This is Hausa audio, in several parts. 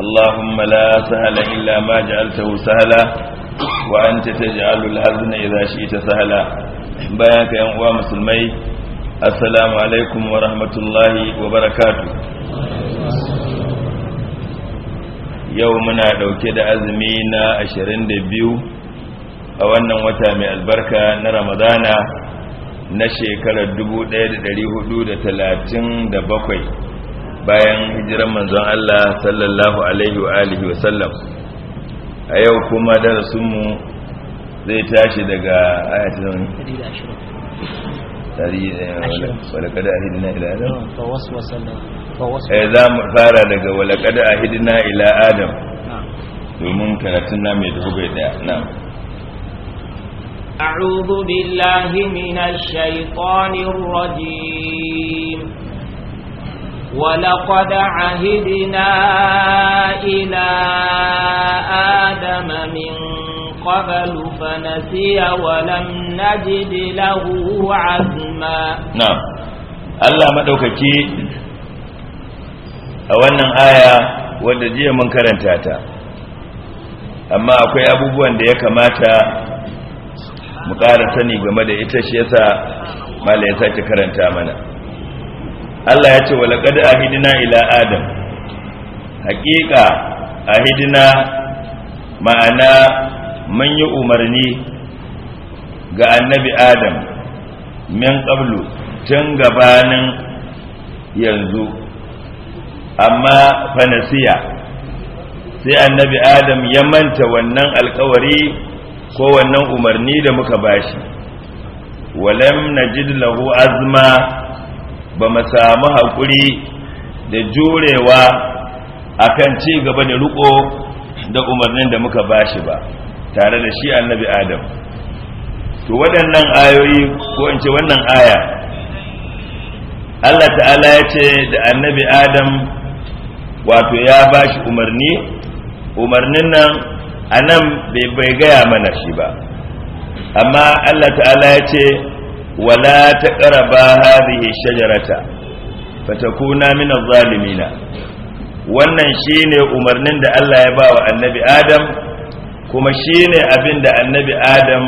اللهم لا سهل إلا ما جعلته سهلا وأنت تجعل الحزن إذا شئت سهلا بيانك يا أمواء مسلمي السلام عليكم ورحمة الله وبركاته يومنا لو كده أزمينا أشرين دبيو البركة نرمضانا نشيك للدبو دير دليه دودة لاتن دبقوي 1437 bayan hijiran manzon Allah sallallahu alaihi wa alihi wa sallam a yau kuma darasin mu zai tashi daga ayatul ayatin 120 walaqad ahidna ila adam eh za mu fara daga walaqad ahidna ila adam domin karatun na mai dubu daya na أعوذ بالله من الشيطان الرجيم ولقد عهدنا إلى آدم من قبل فنسي ولم نجد له عزما نعم الله مدوككي a wannan aya wanda jiya mun karanta ta amma akwai abubuwan da ya kamata mu ƙara sani game da ita shi yasa mala ya sake karanta mana Allah ya ce walaƙad ahidina ila adam haƙiƙa ahidina ma'ana mun yi umarni ga annabi adam min qablu tun gabanin yanzu amma fanasiya sai annabi adam ya manta wannan alkawari ko wannan umarni da muka bashi walam najid lahu azma ba mu samu haƙuri da jurewa akan ci gaba da riko da umarnin da muka bashi ba tare da shi annabi adam to waɗannan ayoyi ko in ce wannan aya Allah ta'ala ya ce da annabi adam wato ya bashi umarni umarnin nan a nan bai gaya mana shi ba amma Allah ta'ala ya ce wala تقربا هذه shajarata فتكونا min الظالمين wannan shine umarnin da Allah ya ba wa annabi Adam kuma shine abin da annabi Adam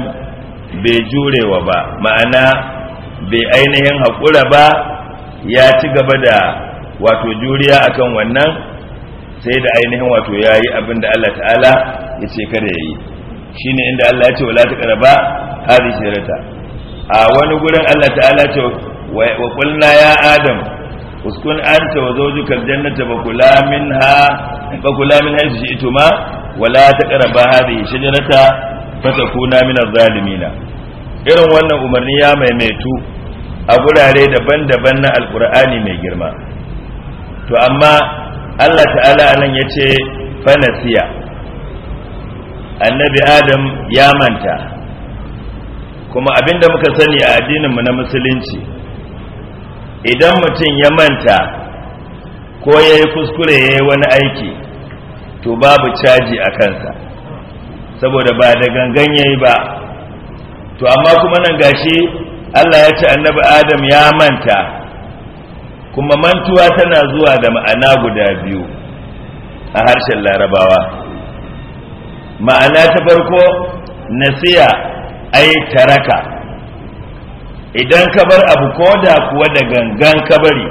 bai jurewa ba ma'ana bai ainihin haƙura ba ya ci gaba da wato juriya akan wannan sai da ainihin wato yayi abin da Allah ta'ala ya ce kada yayi shine inda Allah ya ce wala ta taqraba hadhihi shajarata a wani gurin Allah ta'ala ce wa kulna ya adam uskun anta wa zawjuka jannata wa kula minha wa kula min haythu shi'tuma wa la taqrabu hadhihi shajarata fatakuna min adh-dhalimin irin wannan umarni ya maimaitu a gurare daban-daban na alkur'ani mai girma to amma Allah ta'ala anan yace fanasiya annabi adam ya manta kuma abin da muka sani a addininmu na musulunci idan mutum ya manta ko ya yi kuskure ya yi wani aiki to babu caji a kansa saboda ba da gangan ya yi ba to amma kuma nan gashi allah ya ce annabi adam ya manta kuma mantuwa tana zuwa da ma'ana guda biyu a harshen larabawa ma'ana ta farko nasiya ai taraka idan ka bar abu ko da kuwa da gangan ka bari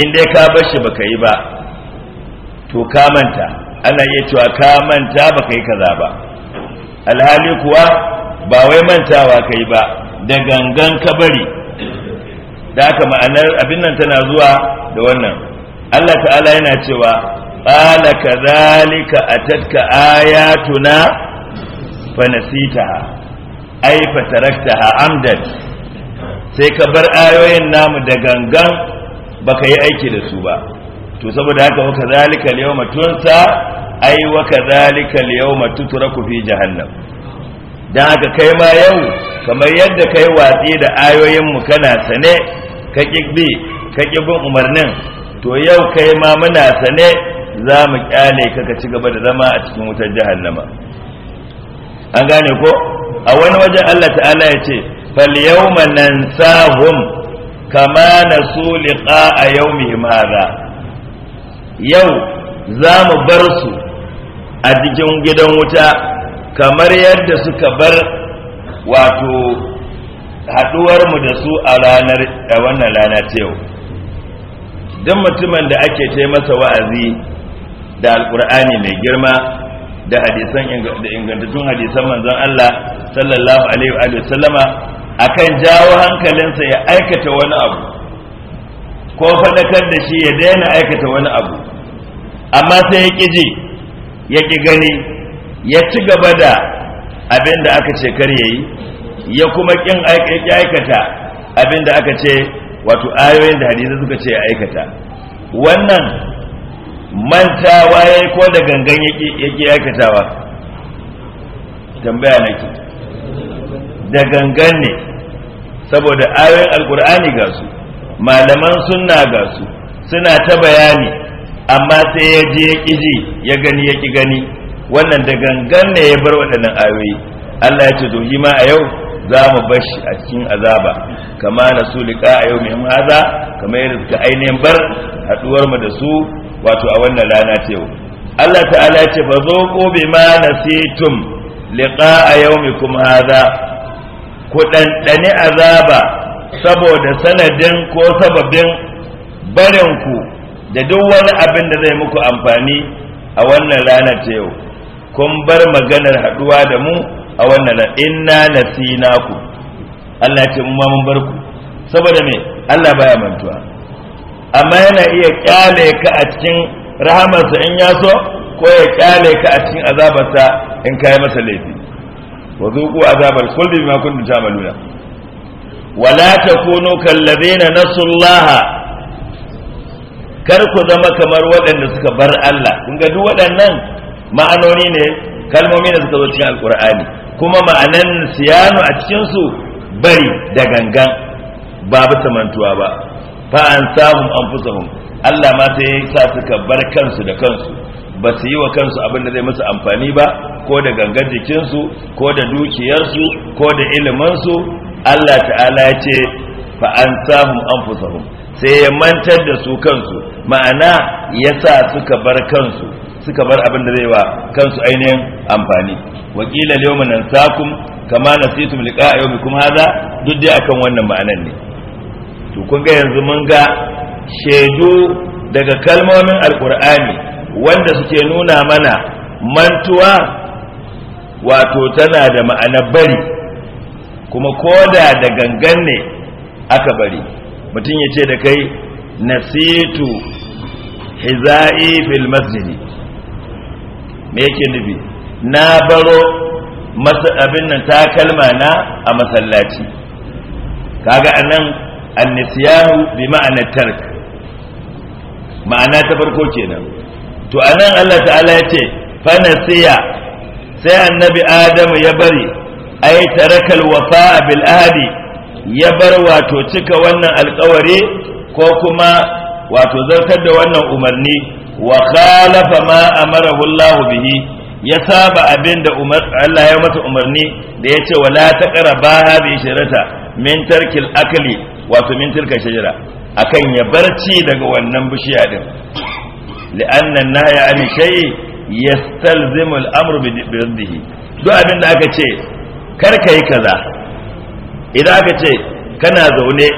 in dai ka bar shi baka yi ba to ka manta ana iya cewa ka manta baka yi kaza ba alhali kuwa ba wai mantawa ka yi ba da gangan ka bari da haka ma'anar abin nan tana zuwa da wannan Allah ta'ala yana cewa qala kadhalika atatka ayatuna fanasitaha ai ha amdan sai ka bar ayoyin namu da gangan baka yi aiki da su ba to saboda haka wa kadhalika al-yawma tunsa ai wa kadhalika yawma tutraku fi jahannam dan haka kai ma yau kamar yadda kai watsi da ayoyin mu kana sane ka kibbi ka kibbin umarnin to yau kai ma muna sane za mu kyale ka ka ci gaba da zama a cikin wutar jahannama an gane ko a wani wajen Allah ta'ala ya ce fal yawma nansahum kama nasu a yawmihim hadha yau za mu bar su a cikin gidan wuta kamar yadda suka bar wato haduwar mu da su a ranar a wannan rana ta yau duk mutumin da ake ce masa wa'azi da alqur'ani mai girma da hadisan da ingantattun hadisan manzon Allah sallallahu alaihi wa sallama akan jawo hankalinsa ya aikata wani abu ko faɗakar da shi ya daina aikata wani abu amma sai ya ƙi ji ya ƙi gani ya ci gaba da abin da aka ce kar yayi ya kuma ƙin aikata abin da aka ce wato ayoyin da hadisi suka ce ya aikata wannan mantawa ya yi ko da gangan yake aikatawa tambaya nake da gangan ne saboda ayoyin alkur'ani ga su malaman sunna ga su suna ta bayani amma sai ya je ya ƙiji ya gani ya ƙi gani wannan da gangan ne ya bar waɗannan ayoyi allah ya ce to ma a yau za mu bashi a cikin azaba kama na su liƙa a yau mai haza kamar yadda suka ainihin bar haɗuwar mu da su wato a wannan rana ta yau Allah ta'ala ya ce fa zuqu bima nasitum liqa'a yawmikum hadha ku ɗanɗani azaba saboda sanadin ko sababin barin ku da duk wani abin da zai muku amfani a wannan rana ta yau kun bar maganar haɗuwa da mu a wannan inna nasinaku Allah ya ce mu ma mun bar ku saboda me Allah baya mantuwa amma yana iya kyale ka a cikin rahamarsa in ya so ko ya kyale ka a cikin azabarsa in kai masa laifi wa zuku azabar kulli bima kuntum ta'maluna wala takunu ladina nasullaha kar ku zama kamar waɗanda suka bar Allah kun ga duk waɗannan ma'anoni ne kalmomi da suka zo cikin alkur'ani kuma ma'anan siyanu a cikin su bari da gangan ba tamantuwa ba fa an samu anfusahum Allah ma sai ya sa suka bar kansu da kansu ba su yi wa kansu abin da zai musu amfani ba ko da gangar jikinsu ko da dukiyarsu ko da iliminsu Allah ta'ala ya ce fa an samu anfusahum sai ya mantar da su kansu ma'ana ya sa suka bar kansu suka bar abin da zai wa kansu ainihin amfani wakila yawmin ansakum kama nasitum liqa'a kuma haza, duk dai akan wannan ma'anan ne to kun ga yanzu mun ga shaidu daga kalmomin alkur'ani wanda suke nuna mana mantuwa wato tana da ma'anar bari kuma koda da gangan ne aka bari mutum ya ce da kai nasitu hiza'i fil masjidi me yake nufi na baro abin nan takalma na a masallaci kaga anan annisiyanu bi ma'anar tark ma'ana ta farko kenan to anan Allah ta'ala ya ce fanasiya sai annabi adamu ya bari aitarakal tarakal wafa'a bil ahdi ya bar wato cika wannan alkawari ko kuma wato zartar da wannan umarni wa khalafa ma amarahu Allah bihi ya saba abin da Allah ya mata umarni da ya ce wala ta ƙara ba haɗe shirata min tarkil akali wato min tilka shajara akan ya barci daga wannan bishiya din li'annan na ya ani shai ya stalzimu al'amur birdihi duk abin da aka ce kar ka yi kaza idan aka ce kana zaune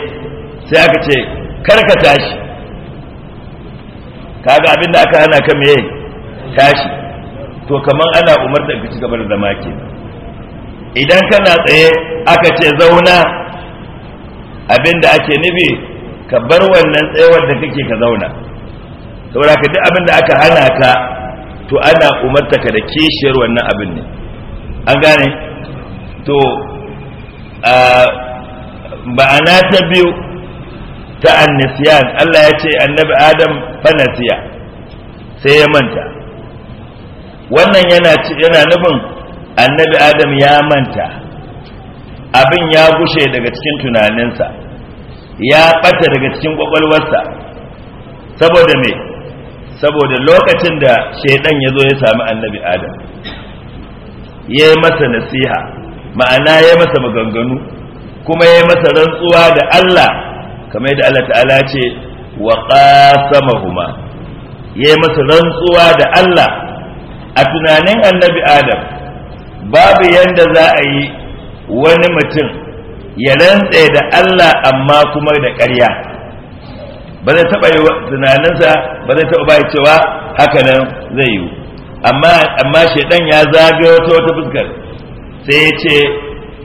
sai aka ce kar ka tashi kaga abin da aka hana ka me tashi to kamar ana umarta ka ci gaba da zama ke idan kana tsaye aka ce zauna abin da ake nufi ka bar wannan tsayawar da kake ka zauna saboda ka duk abin da aka hana ka to ana umarta ka da kishiyar wannan abin ne an gane to ba'ana ta biyu ta annisiyan Allah ya ce annabi adam fanasiya sai ya manta wannan yana yana nufin annabi adam ya manta abin ya gushe daga cikin tunaninsa ya ɓata daga cikin ƙwaƙwalwarsa saboda me saboda lokacin da shaidan ya zo ya sami annabi adam ya yi masa nasiha ma'ana ya masa maganganu kuma ya masa rantsuwa da Allah kamar yadda Allah ta'ala ce wa qasamahuma ya masa rantsuwa da Allah a tunanin annabi adam babu yadda za a yi wani mutum ya rantse da Allah amma kuma da ƙarya ba zai taɓa yi tunaninsa ba zai taɓa ba cewa haka nan zai yi amma amma shaidan ya zagaye wata wata fuskar sai ya ce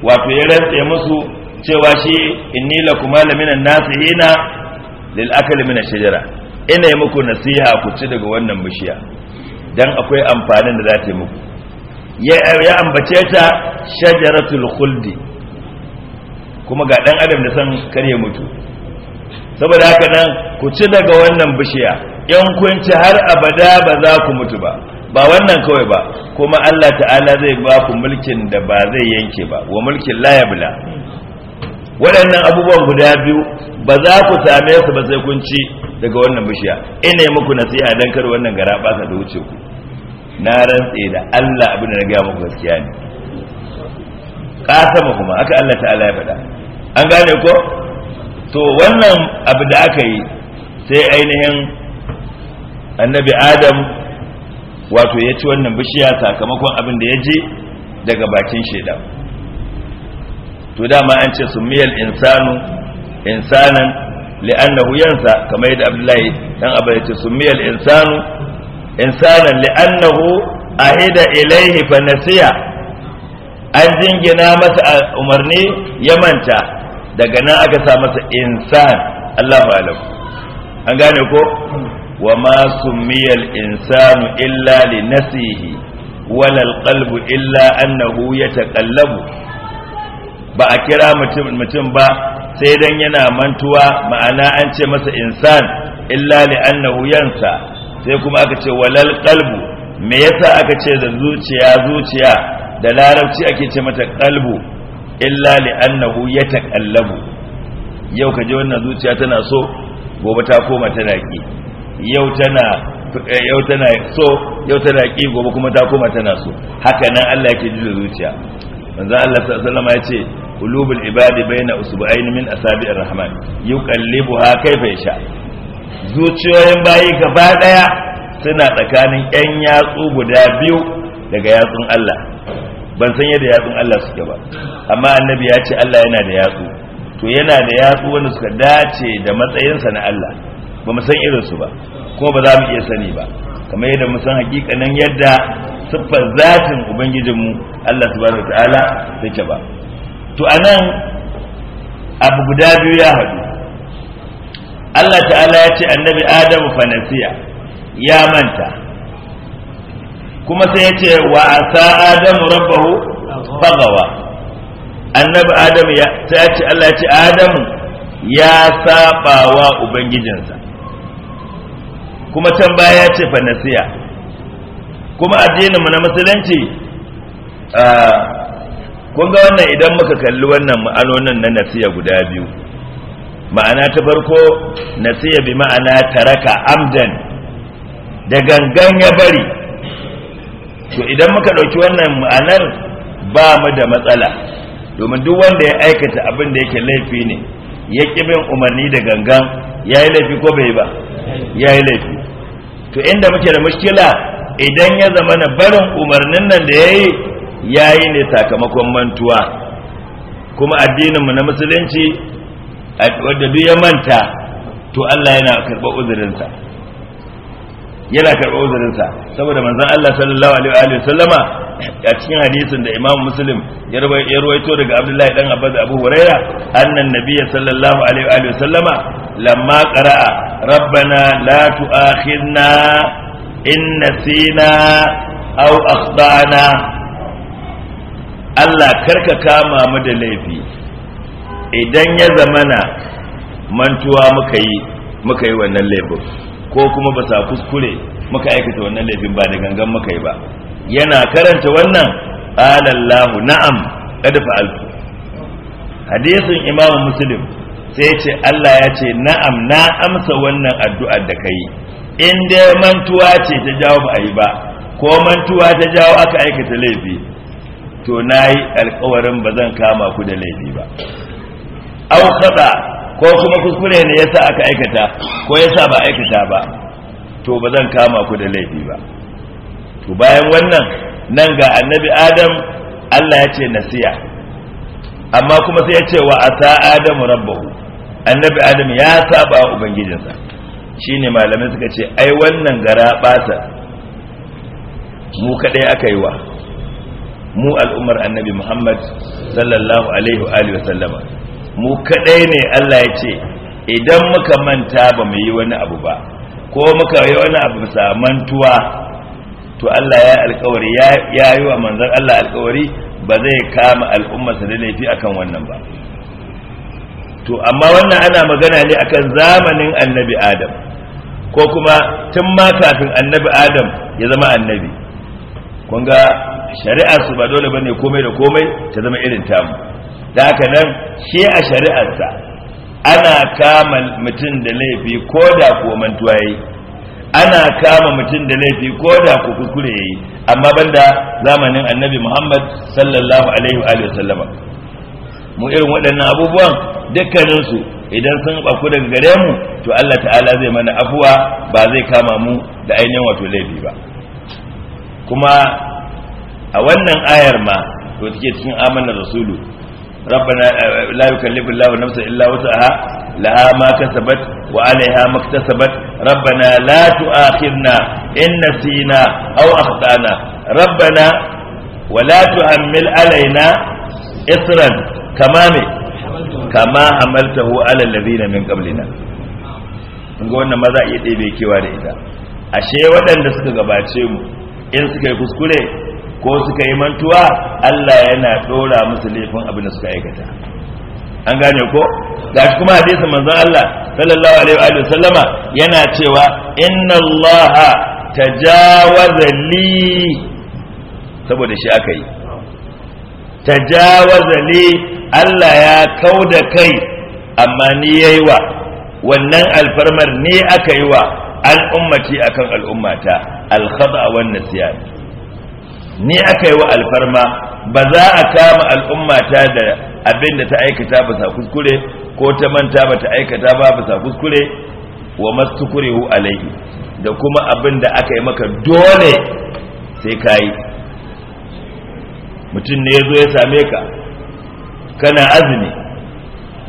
wato ya rantse musu cewa shi inni lakum laminan nasihina lil akli min shajara ina yi muku nasiha ku ci daga wannan bishiya dan akwai amfanin da za ta muku ya ambace ta shajaratul khuldi kuma ga dan adam da san kare mutu saboda haka nan ku ci daga wannan bishiya yan kun ci har abada ba za ku mutu ba ba wannan kawai ba kuma Allah ta'ala zai ba ku mulkin da ba zai yanke ba wa mulkin la yabla waɗannan abubuwan guda biyu ba za ku same su ba sai kun ci daga wannan bishiya ina yi muku nasiha dan kar wannan gara ba da wuce ku na rantse da Allah abin da na gaya muku gaskiya ne kasama kuma aka Allah ta'ala ya faɗa an gane ko to wannan abu da aka yi sai ainihin annabi adam wato ya ci wannan bishiya sakamakon abin da ya je daga bakin shaida. to dama an ce sumiyal insanu insanan li'annahu yansa kamar yadda abdullahi dan abba yace sumiyal insanu insanan li'annahu ahida ilaihi fa nasiya an jingina masa umarni ya manta daga nan aka sa masa insan Allahu alam an gane ko wa ma sumiyal insanu illa li nasihi wala alqalbu illa annahu yataqallabu ba a kira mutum ba sai dan yana mantuwa ma'ana an ce masa insan illa li annahu yansa sai kuma aka ce walal qalbu me yasa aka ce da zuciya zuciya da larabci ake ce mata qalbu illa li annahu yataqallabu yau kaje wannan zuciya tana so gobe ta koma tana ki yau tana yau tana so yau tana ki gobe kuma ta koma tana so haka nan Allah yake ji zuciya manzo Allah sallallahu ya ce qulubul ibadi baina usbu'ain min asabi'ir rahman yuqallibuha kayfa yasha zuciyoyin bayi gaba daya suna tsakanin yan yatsu guda biyu daga yatsun Allah ban san yadda yatsun Allah suke ba amma annabi ya ce Allah yana da yatsu to yana da yatsu wanda suka dace da matsayinsa na Allah ba mu san irinsu ba kuma ba za mu iya sani ba kamar yadda mu san hakikanin yadda siffar zatin ubangijinmu Allah subhanahu ta'ala take ba to anan abu guda biyu ya haɗu Allah ta'ala ya ce annabi Adamu fanasiya ya manta kuma sai ya ce wa asa Adamu rabbahu fagawa annabi Adamu ya ce Allah ya ce Adamu ya sabawa ubangijinsa kuma can baya ya ce fanasiya kuma addinin mu na musulunci kun ga wannan idan muka kalli wannan ma'anonin na nasiya guda biyu ma'ana ta farko nasiya bi ma'ana taraka amdan da gangan ya bari to idan muka ɗauki wannan ma'anar ba mu da matsala domin duk wanda ya aikata abin da yake laifi ne ya ƙi bin umarni da gangan ya yi laifi ko bai ba ya yi laifi to inda muke da mushkila idan ya zama na barin umarnin nan da ya yi ya yi ne sakamakon mantuwa kuma addininmu na musulunci wadda duk ya manta to Allah yana karɓar uzurinsa yana karɓar uzurinsa saboda manzon Allah sallallahu alaihi wa sallama a cikin hadisin da Imam Muslim ya ruwaito daga Abdullahi dan Abbas Abu Huraira annan nabiyyi sallallahu alaihi wa sallama lamma qara'a rabbana la tu'akhidna in nasina au akhdana Allah karka kama mu da laifi idan ya zamana mantuwa muka yi muka yi wannan laifin ko kuma ba sa kuskure muka aikata wannan laifin ba da gangan muka yi ba yana karanta wannan alallahu na'am qad fa'altu hadisin imamu muslim sai ya ce Allah ya ce na'am na amsa wannan addu'ar da kai in dai mantuwa ce ta jawo ba a yi ba ko mantuwa ta jawo aka aikata laifi to na yi alkawarin ba zan kama ku da laifi ba au kada ko kuma kuskure ne yasa aka aikata ko yasa ba aikata ba to ba zan kama ku da laifi ba to bayan wannan nan ga annabi adam Allah ya ce nasiya amma kuma sai ya ce wa asa adamu rabbahu annabi adam ya saba ubangijinsa ne malamai suka ce ai wannan gara bata mu kadai aka yi wa mu al'ummar annabi muhammad sallallahu alaihi wa alihi wasallama mu kaɗai ne Allah ya ce idan muka manta ba mu yi wani abu ba ko muka yi wani abu bisa mantuwa to Allah ya alkawari ya yi wa manzan Allah alkawari ba zai kama al'ummarsa da laifi akan wannan ba to amma wannan ana magana ne akan zamanin annabi adam ko kuma tun ma kafin annabi adam ya zama annabi kun ga shari'ar su ba dole bane komai da komai ta zama irin tamu da haka nan shi a shari'arsa ana kama mutum da laifi ko da ko mantuwa yi ana kama mutum da laifi ko da ku kukure yi, amma banda zamanin annabi Muhammad sallallahu alaihi wa sallama mu irin waɗannan abubuwan dukkaninsu idan sun ɓaku daga gare mu to Allah ta'ala zai mana afuwa ba zai kama mu da ainihin wato laifi ba kuma a wannan ayar ma to take cikin amanar rasulu ربنا لا يكلف الله نفسا الا وسعها لها ما كسبت وعليها ما اكتسبت ربنا لا تؤاخذنا ان نسينا او اخطانا ربنا ولا تحمل علينا اصرا kama me kama hu ala ladina min qablina kun ga wannan maza iya ɗebe kewa da ita ashe waɗanda suka gabace mu in suka yi kuskure ko suka yi mantuwa Allah yana ɗora musu laifin abin da suka aikata an gane ko gashi kuma hadisi manzon Allah sallallahu alaihi wa sallama yana cewa inna Allah tajawaza li saboda shi aka yi tajawaza li Allah ya kau da kai amma ni yayi wa wannan alfarmar ni aka yi wa al'ummaci akan al'ummata alkhada wannan siya ni aka yi wa alfarma ba za a kama al'ummata da abin da ta aikata ba kuskure ko ta manta ba ta aikata ba ba kuskure wa mastukurihu alaihi da kuma abin da aka yi maka dole sai kayi mutum ne ya zo ya same ka kana azumi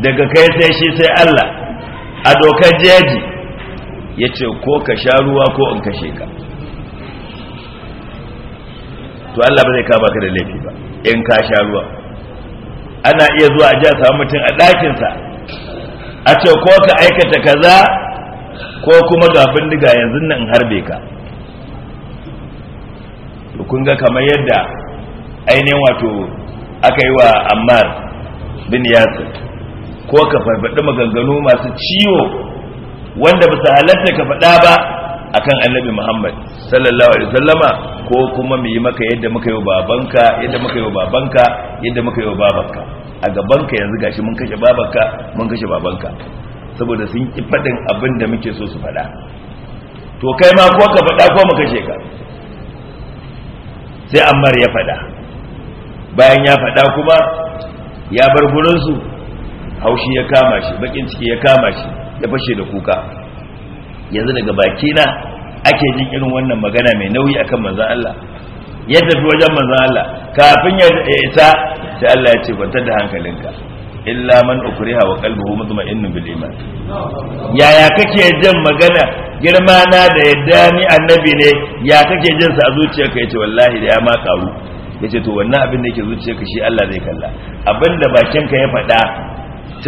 daga kai sai shi sai Allah a dokar jeji ya ce ko ka sha ruwa ko in kashe ka to Allah ba zai kama ka da laifi ba in ka sha ruwa ana iya zuwa a a samu mutum a ɗakinsa a ce ko ka aikata kaza ko kuma ga bindiga yanzu nan in harbe ka to kun ga kamar yadda ainihin wato aka yi wa ammar bin yasir ko ka farfaɗi maganganu masu ciwo wanda ba su halatta ka faɗa ba akan annabi muhammad sallallahu alaihi wasallama ko kuma mu yi maka yadda muka yi babanka yadda muka yi babanka yadda muka yi babanka a gabanka yanzu gashi mun kashe babanka mun kashe babanka saboda sun ki faɗin abin da muke so su faɗa to kai ma ko ka faɗa ko mu kashe ka sai ammar ya faɗa bayan ya faɗa kuma ya bar gurinsu haushi ya kama shi bakin ciki ya kama shi ya fashe da kuka yanzu daga baki na ake jin irin wannan magana mai nauyi akan manzon Allah ya tafi wajen manzon Allah kafin ya isa sai Allah ya ce kwantar da hankalinka illa man ukriha wa qalbuhu mutma'innun bil iman yaya kake jin magana girma na da yadda ni annabi ne ya kake jin sa a zuciyarka yace wallahi da ya ma karu yace to wannan abin da yake zuciyarka shi Allah zai kalla abinda bakinka ya faɗa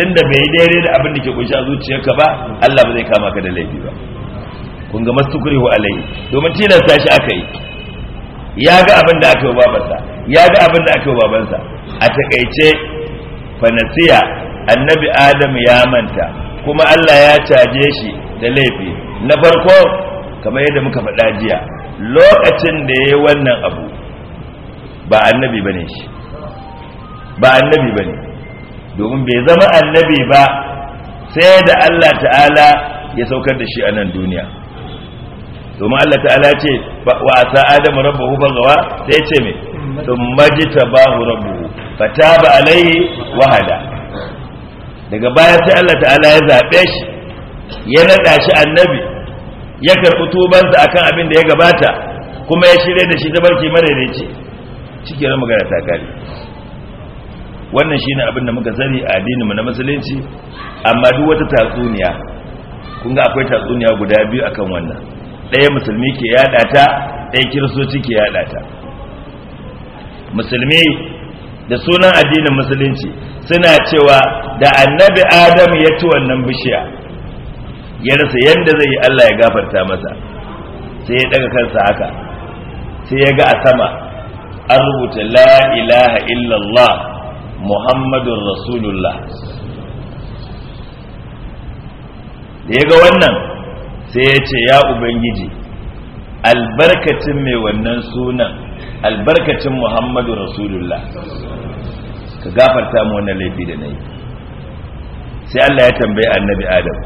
da bai daidai da abin da ke kunshi a zuciyarka ba Allah ba zai kama ka da laifi ba kun ga mastukrihu alai domin tilasta shi aka yi ya ga abin da aka yi babansa ya ga abin da aka yi babansa a takaice fanasiya annabi adam ya manta kuma Allah ya caje shi da laifi na farko kamar yadda muka faɗa jiya lokacin da ya yi wannan abu ba annabi ba ne shi ba annabi ba ne domin bai zama annabi ba sai da Allah ta'ala ya saukar da shi a nan duniya domin Allah ta'ala ce wa asa adamu rabbahu bagawa sai ce me thumma jitabahu rabbuhu ba alaihi wahada daga baya sai Allah ta'ala ya zabe shi ya nada shi annabi ya karɓi tubansa akan abin da ya gabata kuma ya shirya da shi ta barki madaidaici cike na magana ta kare wannan shi ne da muka sani a addininmu na musulunci amma duk wata tatsuniya kun ga akwai tatsuniya guda biyu akan wannan ɗaya musulmi ke yada ta ɗaya kiristoci ke yada ta musulmi da sunan addinin musulunci suna cewa da annabi adam ya ci wannan bishiya ya rasa yadda zai yi allah ya gafarta masa sai ya daga kansa haka sai ya ga a sama an rubuta la ilaha illallah muhammadun rasulullah da ya ga wannan sai ya ce ya ubangiji albarkacin mai wannan sunan albarkacin muhammadu rasulullah ka gafarta mu wannan laifi da na yi sai allah ya tambaye annabi adam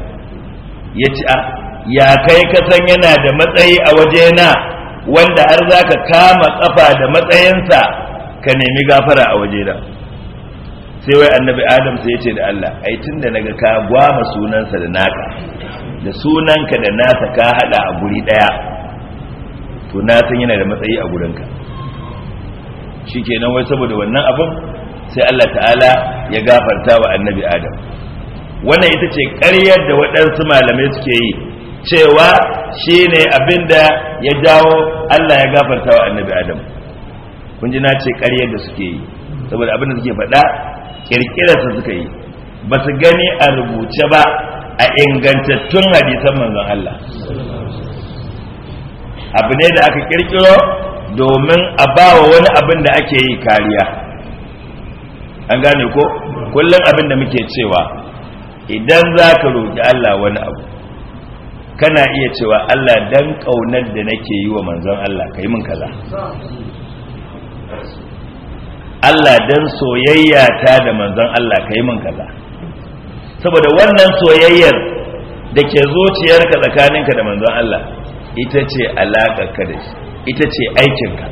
ya ce a ah, ya kai kasan yana da matsayi a wajena wanda har za ka kama kafa da matsayinsa ka nemi gafara a waje da sai wai annabi adam sai ya ce da Allah ai tun da naga ka gwama sunansa da naka da sunanka da nasa ka hada a guri daya to na san yana da matsayi a gurinka shikenan wai saboda wannan abin sai Allah ta'ala ya gafarta wa annabi adam wannan ita ce ƙaryar da waɗansu malamai suke yi cewa shi ne abin da ya jawo Allah ya gafarta wa annabi Adam kun ji na ce ƙaryar da suke yi saboda abin da suke faɗa ƙirƙirarsa suka yi ba su gani a rubuce ba a ingantattun hadisan manzon Allah abu ne da aka ƙirƙiro domin a ba wa wani abin da ake yi kariya an gane ko kullum abin da muke cewa idan za ka roƙi Allah wani abu kana iya cewa Allah dan ƙaunar da nake yi wa manzon Allah kai min kaza Allah dan soyayya ta da manzon Allah kai min kaza saboda wannan soyayyar da ke zuciyarka tsakaninka da manzon Allah ita ce alaƙarka da shi ita ce aikinka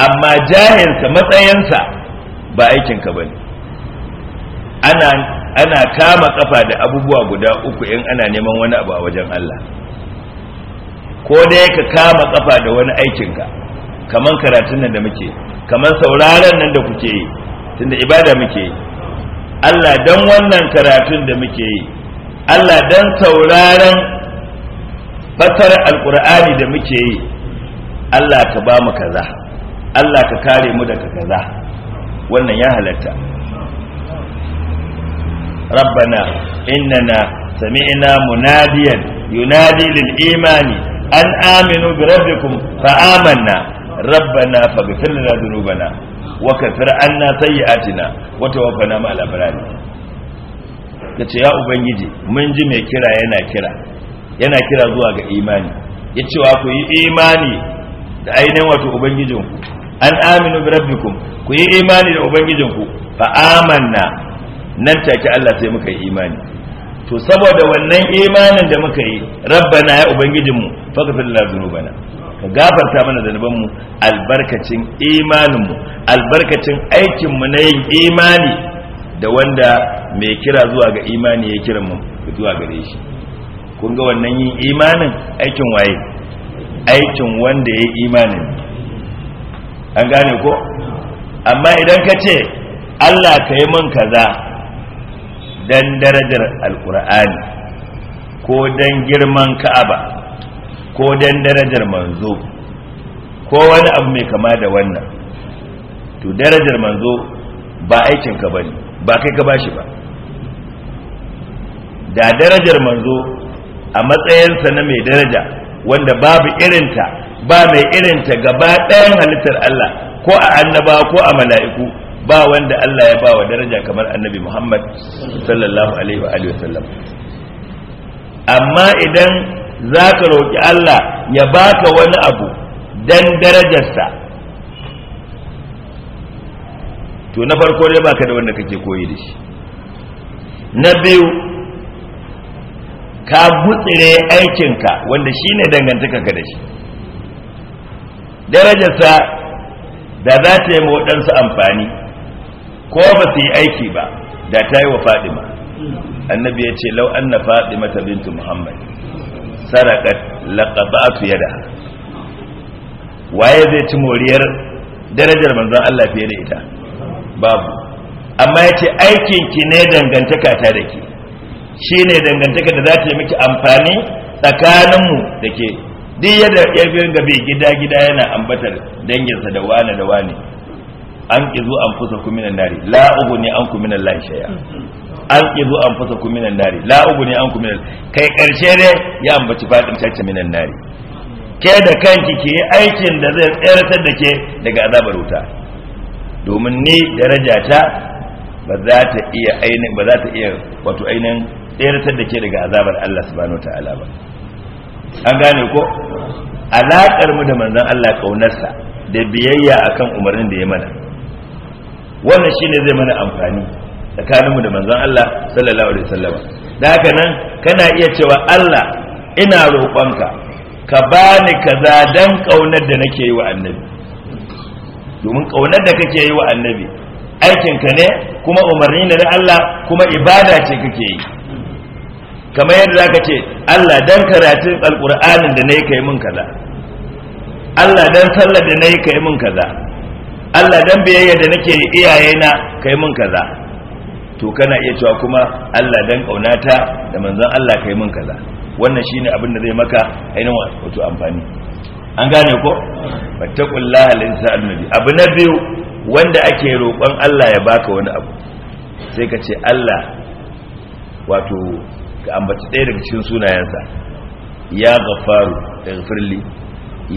amma jahinsa matsayinsa ba aikinka ba ne ana ana kama kafa da abubuwa guda uku in ana neman wani abu a wajen Allah ko dai ka kama kafa da wani aikinka kaman karatun nan da muke kaman sauraron nan da kuke yi tunda ibada muke yi Allah dan wannan karatun da muke yi Allah dan sauraron fatar alkur'ani da muke yi Allah ka ba mu kaza Allah ka kare mu daga kaza wannan ya halatta ربنا إننا سمعنا munadiyan ينادي للإيمان imani an aminu فآمنا ربنا فاغفر لنا ذنوبنا وكفر عنا سيئاتنا wa مع الأبرار yace ya ubangiji mun ji mai kira yana kira yana kira zuwa ga imani yace wa ku yi imani da ainihin wato ubangijinku an aminu bi ku yi imani da ubangijinku fa nan take Allah sai muka yi imani to saboda wannan imanin da muka yi rabbana ya ubangijinmu faghfir lana dhunubana ka gafarta mana zanubanmu albarkacin imaninmu albarkacin aikinmu na yin imani da wanda mai kira zuwa ga imani ya kira mu zuwa gare shi kun ga wannan yin imanin aikin waye aikin wanda ya yi imanin an gane ko amma idan ka ce Allah ka yi min kaza dan darajar alkur'ani ko dan girman ka'aba ko dan darajar manzo ko wani abu mai kama da wannan to darajar manzo ba aikinka ba ne ba kai ka bashi ba da darajar manzo a matsayinsa na mai daraja wanda babu irinta ba mai irinta gaba ɗayan halittar Allah ko a annaba ko a mala'iku ba wanda Allah ya ba wa daraja kamar annabi Muhammad sallallahu alaihi wa alihi wasallam amma idan za ka roƙi Allah ya baka wani abu dan darajarsa to na farko dai baka da wanda kake koyi da shi na biyu ka gutsire aikinka wanda shine dangantaka ka da shi darajarsa da za ta yi waɗansu amfani ko ba su yi aiki ba da ta yi wa fadima annabi ya ce lau anna fadima ta bintu muhammad sadakat laqata'tu yada. waye zai ci moriyar darajar manzon Allah fiye da ita babu amma ya ce aikin ki ne dangantaka ta da ke ne dangantaka da za ta yi miki amfani tsakaninmu da ke duk yadda ya ringa gida gida yana ambatar danginsa da wane da wane an kizu an fusa ku minan nari la ne an ku minan lahi shay'a an kizu an fusa ku minan nari la ne an ku minan kai karshe ne ya ambaci fadin cacce minan nari ke da kanki ke aikin da zai tsayar da ke daga azabar wuta domin ni daraja ta ba za ta iya ainin ba za ta iya wato ainihin tsayar da ke daga azabar Allah subhanahu ta'ala ba an gane ko alaƙar mu da manzon Allah kaunarsa da biyayya akan umarnin da ya mana wannan shine zai mana amfani tsakaninmu da manzon Allah sallallahu alaihi wasallam da haka nan kana iya cewa Allah ina roƙonka ka bani kaza dan kaunar da nake yi wa annabi domin kaunar da kake yi wa annabi aikinka ne kuma umarni ne na Allah kuma ibada ce kake yi kamar yadda zaka ce Allah dan karatun alƙur'anin da ka yi min kaza Allah dan sallar da nayi yi min kaza Allah dan biyayya da nake iyaye na kai mun kaza to kana iya cewa kuma Allah dan kaunata da manzon Allah kai mun kaza wannan shine abin da zai maka ainihin wato amfani an gane ko wattaqullaha lin annabi. abu na biyu wanda ake roƙon Allah ya baka wani abu sai ka ce Allah wato ka ambaci ɗaya daga cikin sunayensa ya ghafaru ighfirli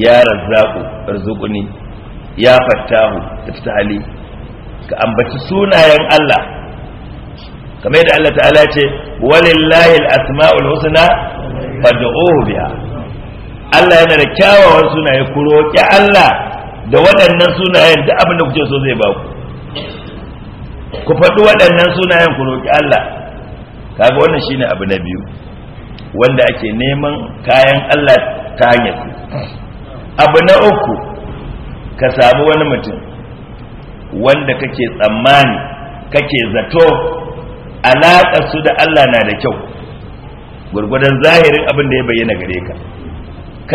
ya razzaqu irzuqni ya fattahu da ta hali ka ambaci sunayen Allah kamar yadda Allah ta'ala ce walillahi al-asma'ul husna fad'uhu biha Allah yana da kyawawan sunaye ku roki Allah da waɗannan sunayen da abin da kuke so zai ba ku ku faɗi waɗannan sunayen ku roki Allah kaga wannan shine abu na biyu wanda ake neman kayan Allah ta hanyar abu na uku ka samu wani mutum wanda kake tsammani kake zato alaƙar su da Allah na da kyau gurgudan zahirin abin da ya bayyana gare ka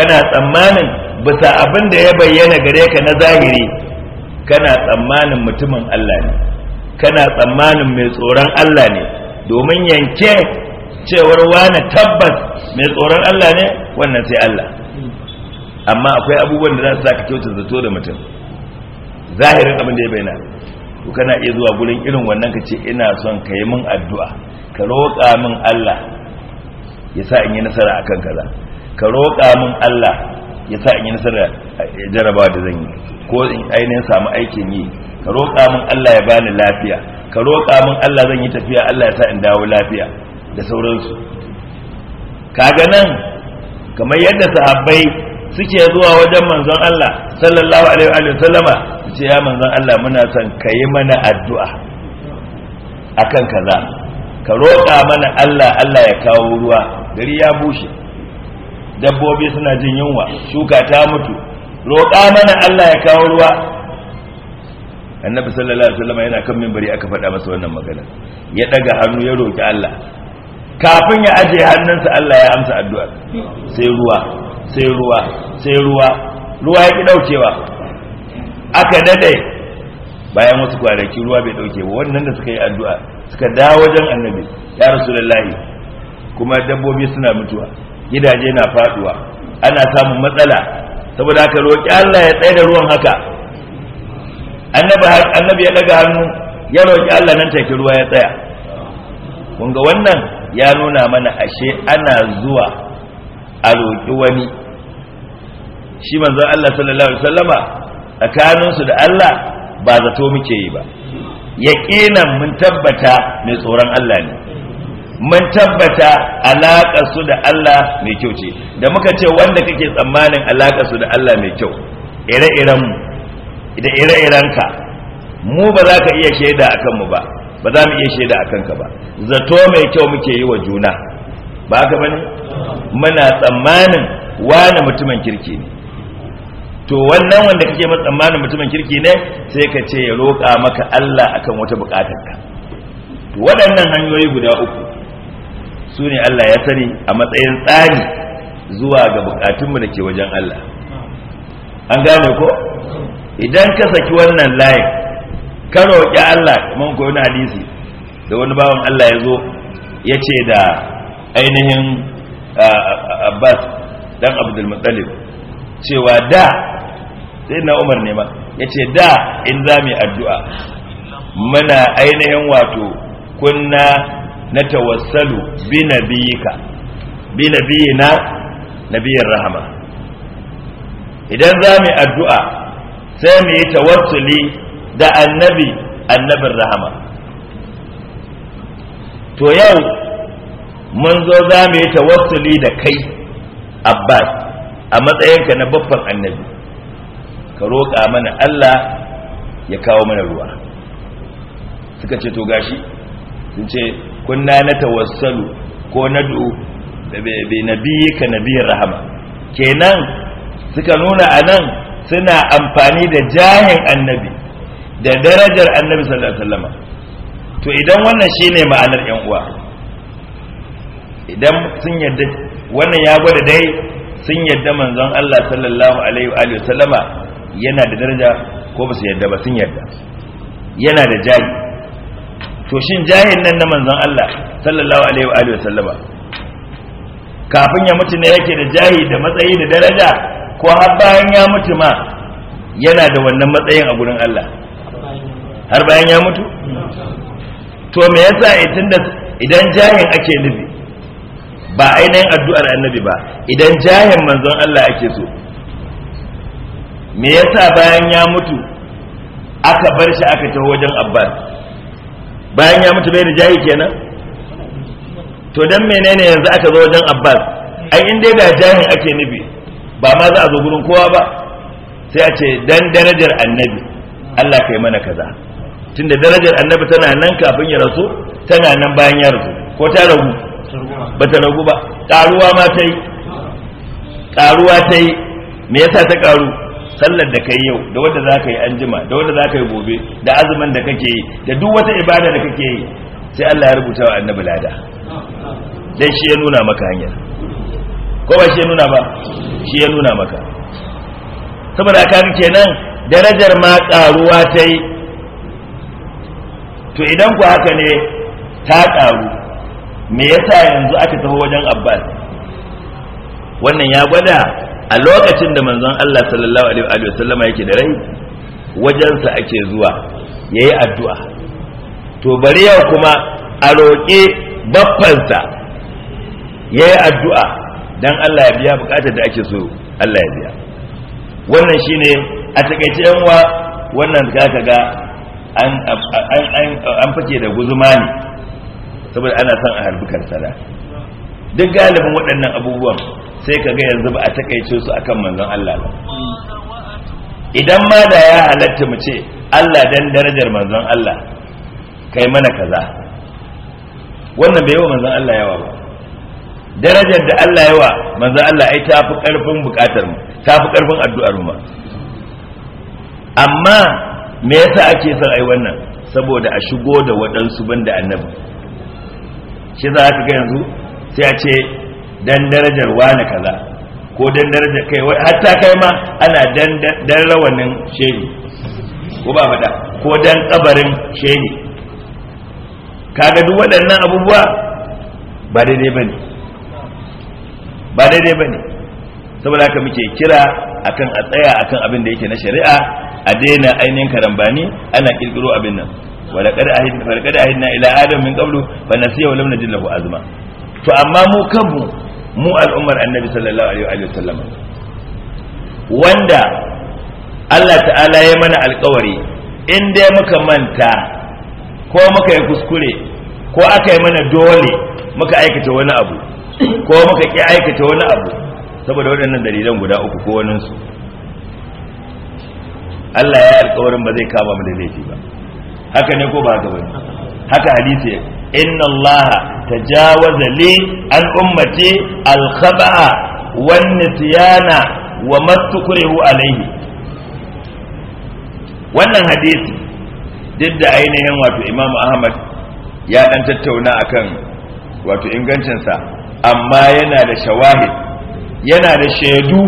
kana tsammanin bisa abin da ya bayyana gare ka na zahiri kana tsammanin mutumin Allah ne kana tsammanin mai tsoron Allah ne domin yanke cewar wani tabbas mai tsoron Allah ne wannan sai Allah amma akwai abubuwan da za su saka kyautar zato da mutum zahirin abin da ya bayyana to kana iya zuwa gurin irin wannan ka ce ina son ka yi min addu'a ka roƙa min Allah ya sa in yi nasara akan kaza ka roƙa min Allah ya sa in yi nasara jarabawa da zan yi ko in ainihin samu aikin yi ka roƙa min Allah ya bani lafiya ka roƙa min Allah zan yi tafiya Allah ya sa in dawo lafiya da sauransu kaga nan kamar yadda sahabbai suke zuwa wajen manzon Allah sallallahu alaihi wa sallama ce ya manzon Allah muna son kai mana addu'a akan kaza ka roƙa mana Allah Allah ya kawo ruwa gari ya bushe dabbobi suna jin yunwa shuka ta mutu roƙa mana Allah ya kawo ruwa annabi sallallahu alaihi wasallam yana kan minbari aka faɗa masa wannan magana ya daga hannu ya roƙi Allah kafin ya aje hannunsa Allah ya amsa addu'a sai ruwa sai ruwa sai ruwa ruwa ya ki daukewa aka dade bayan wasu kwanaki ruwa bai dauke ba wannan da suka yi addu'a suka dawo wajen annabi ya rasulullahi kuma dabbobi suna mutuwa gidaje na faduwa ana samun matsala saboda aka roki Allah ya tsaye da ruwan haka annabi ya daga hannu ya roki Allah nan take ruwa ya tsaya kun ga wannan ya nuna mana ashe ana zuwa a roƙi wani shi manzon Allah sallallahu alaihi wasallama tsakaninsu da Allah ba zato muke yi ba yaƙinan mun tabbata mai tsoron Allah ne mun tabbata su da Allah mai kyau ce da muka ce wanda kake tsammanin su da Allah mai kyau ire-irenmu da ire-irenka mu ba za ka iya shaida akan mu ba ba za mu iya shaida akan ka ba zato mai kyau muke yi wa juna ba ka bane muna tsammanin wani mutumin kirki ne to wannan wanda kake mai tsammanin mutumin kirki ne sai ka ce ya roƙa maka Allah akan wata ka to waɗannan hanyoyi guda uku su ne Allah ya sani a matsayin tsari zuwa ga buƙatunmu da ke wajen Allah an gane ko idan ka saki wannan layin ka roƙi Allah kamar ko wani hadisi da wani bawan Allah ya zo ya ce da ainihin abbas dan abdul muttalib cewa da sai na umar ne ma ya ce da in za mu addu'a muna ainihin wato kunna na tawassalu bi nabiyika bi nabiyina nabiyin rahama idan za mu addu'a sai mu yi tawassuli da annabi annabin rahama to yau mun zo za mu yi tawassuli da kai abbas a matsayinka na babban annabi ka roƙa mana allah ya kawo mana ruwa suka ce to gashi sun ce kunna na tawassalu ko na du'u bai nabiyi ka nabiyin rahama kenan suka nuna a nan suna amfani da jahin annabi da darajar annabi sallallahu alaihi wasallam to idan wannan shine ma'anar yan uwa idan sun yarda wannan ya gwada dai sun yarda manzon Allah sallallahu alaihi wa alihi sallama yana da daraja ko ba su yarda ba sun yarda yana da jahi. to shin jahin nan na manzon Allah sallallahu alaihi wa alihi sallama kafin ya mutu ne yake da jahi da matsayi da daraja ko har bayan ya mutu ma yana da wannan matsayin a gurin Allah har bayan ya mutu mm. to me yasa idan jahil ake nufi ba ainihin addu'ar annabi ba idan jahin manzon Allah ake so me yasa bayan ya mutu aka bar shi aka taho wajen abbas bayan ya mutu bai da jahi kenan to dan menene yanzu aka zo wajen abbas ai in dai ga jahin ake nufi ba ma za a zo gurin kowa ba sai a ce dan darajar annabi Allah kai mana kaza tunda darajar annabi tana nan kafin ya rasu tana nan bayan ya rasu ko ta ragu ba ta ragu ba karuwa ma ta yi karuwa ta yi me yasa ta karu sallar da kai yau da wanda za ka yi anjima da wanda za ka yi gobe da azumin da kake yi da duk wata ibada da kake yi sai Allah ya rubuta wa annabi lada dan shi ya nuna maka hanyar ko ba shi ya nuna ba shi ya nuna maka saboda ga kenan darajar ma karuwa ta yi to idan ku haka ne ta karu me yasa yanzu aka taho wajen abbas wannan ya gwada a lokacin da manzon Allah sallallahu alaihi wa sallama yake da rai wajensa ake zuwa yayi addu'a to bari yau kuma a roƙe baffansa yayi addu'a dan Allah ya biya bukatar da ake so Allah ya biya wannan shine a takaice wannan kaka ga an an an fake da guzuma ne saboda ana son a harbi karsada duk galibin waɗannan abubuwan sai ka ga yanzu ba a takaice su akan manzon Allah ba idan ma da ya halatta mu ce Allah dan darajar manzon Allah kai mana kaza wannan bai wa manzon Allah yawa ba darajar da Allah yawa manzon Allah ai ta fi karfin bukatar mu ta fi karfin addu'ar mu amma me yasa ake son ai wannan saboda a shigo da waɗansu banda annabi shi za ka ga yanzu sai a ce dan darajar wani kaza ko dan darajar kai hatta kai ma ana dan rawanin shehi ko ba fada ko dan kabarin shehi kaga duk waɗannan abubuwa ba daidai bane ba daidai bane saboda haka muke kira akan a tsaya akan abin da yake na shari'a a daina ainihin karambani ana kirkiro abin nan walaqad ahidna ila adam min qablu fa nasiya wa lam najid lahu azma to amma mu kanmu mu al'ummar annabi sallallahu alaihi wa sallam wanda Allah ta'ala ya mana alƙawari in dai muka manta ko muka yi kuskure ko aka yi mana dole muka aikata wani abu ko muka ki aikata wani abu saboda waɗannan dalilan guda uku ko waninsu Allah ya alƙawarin ba zai kama mu da laifi ba haka ne ko ba haka bane haka hadisi inna Allah tajawaza li an ummati al khata'a wan nisyana wa mastukrihu alaihi wannan hadisi duk da ainihin wato Imam Ahmad ya dan tattauna akan wato ingancinsa amma yana da shawahid yana da shaidu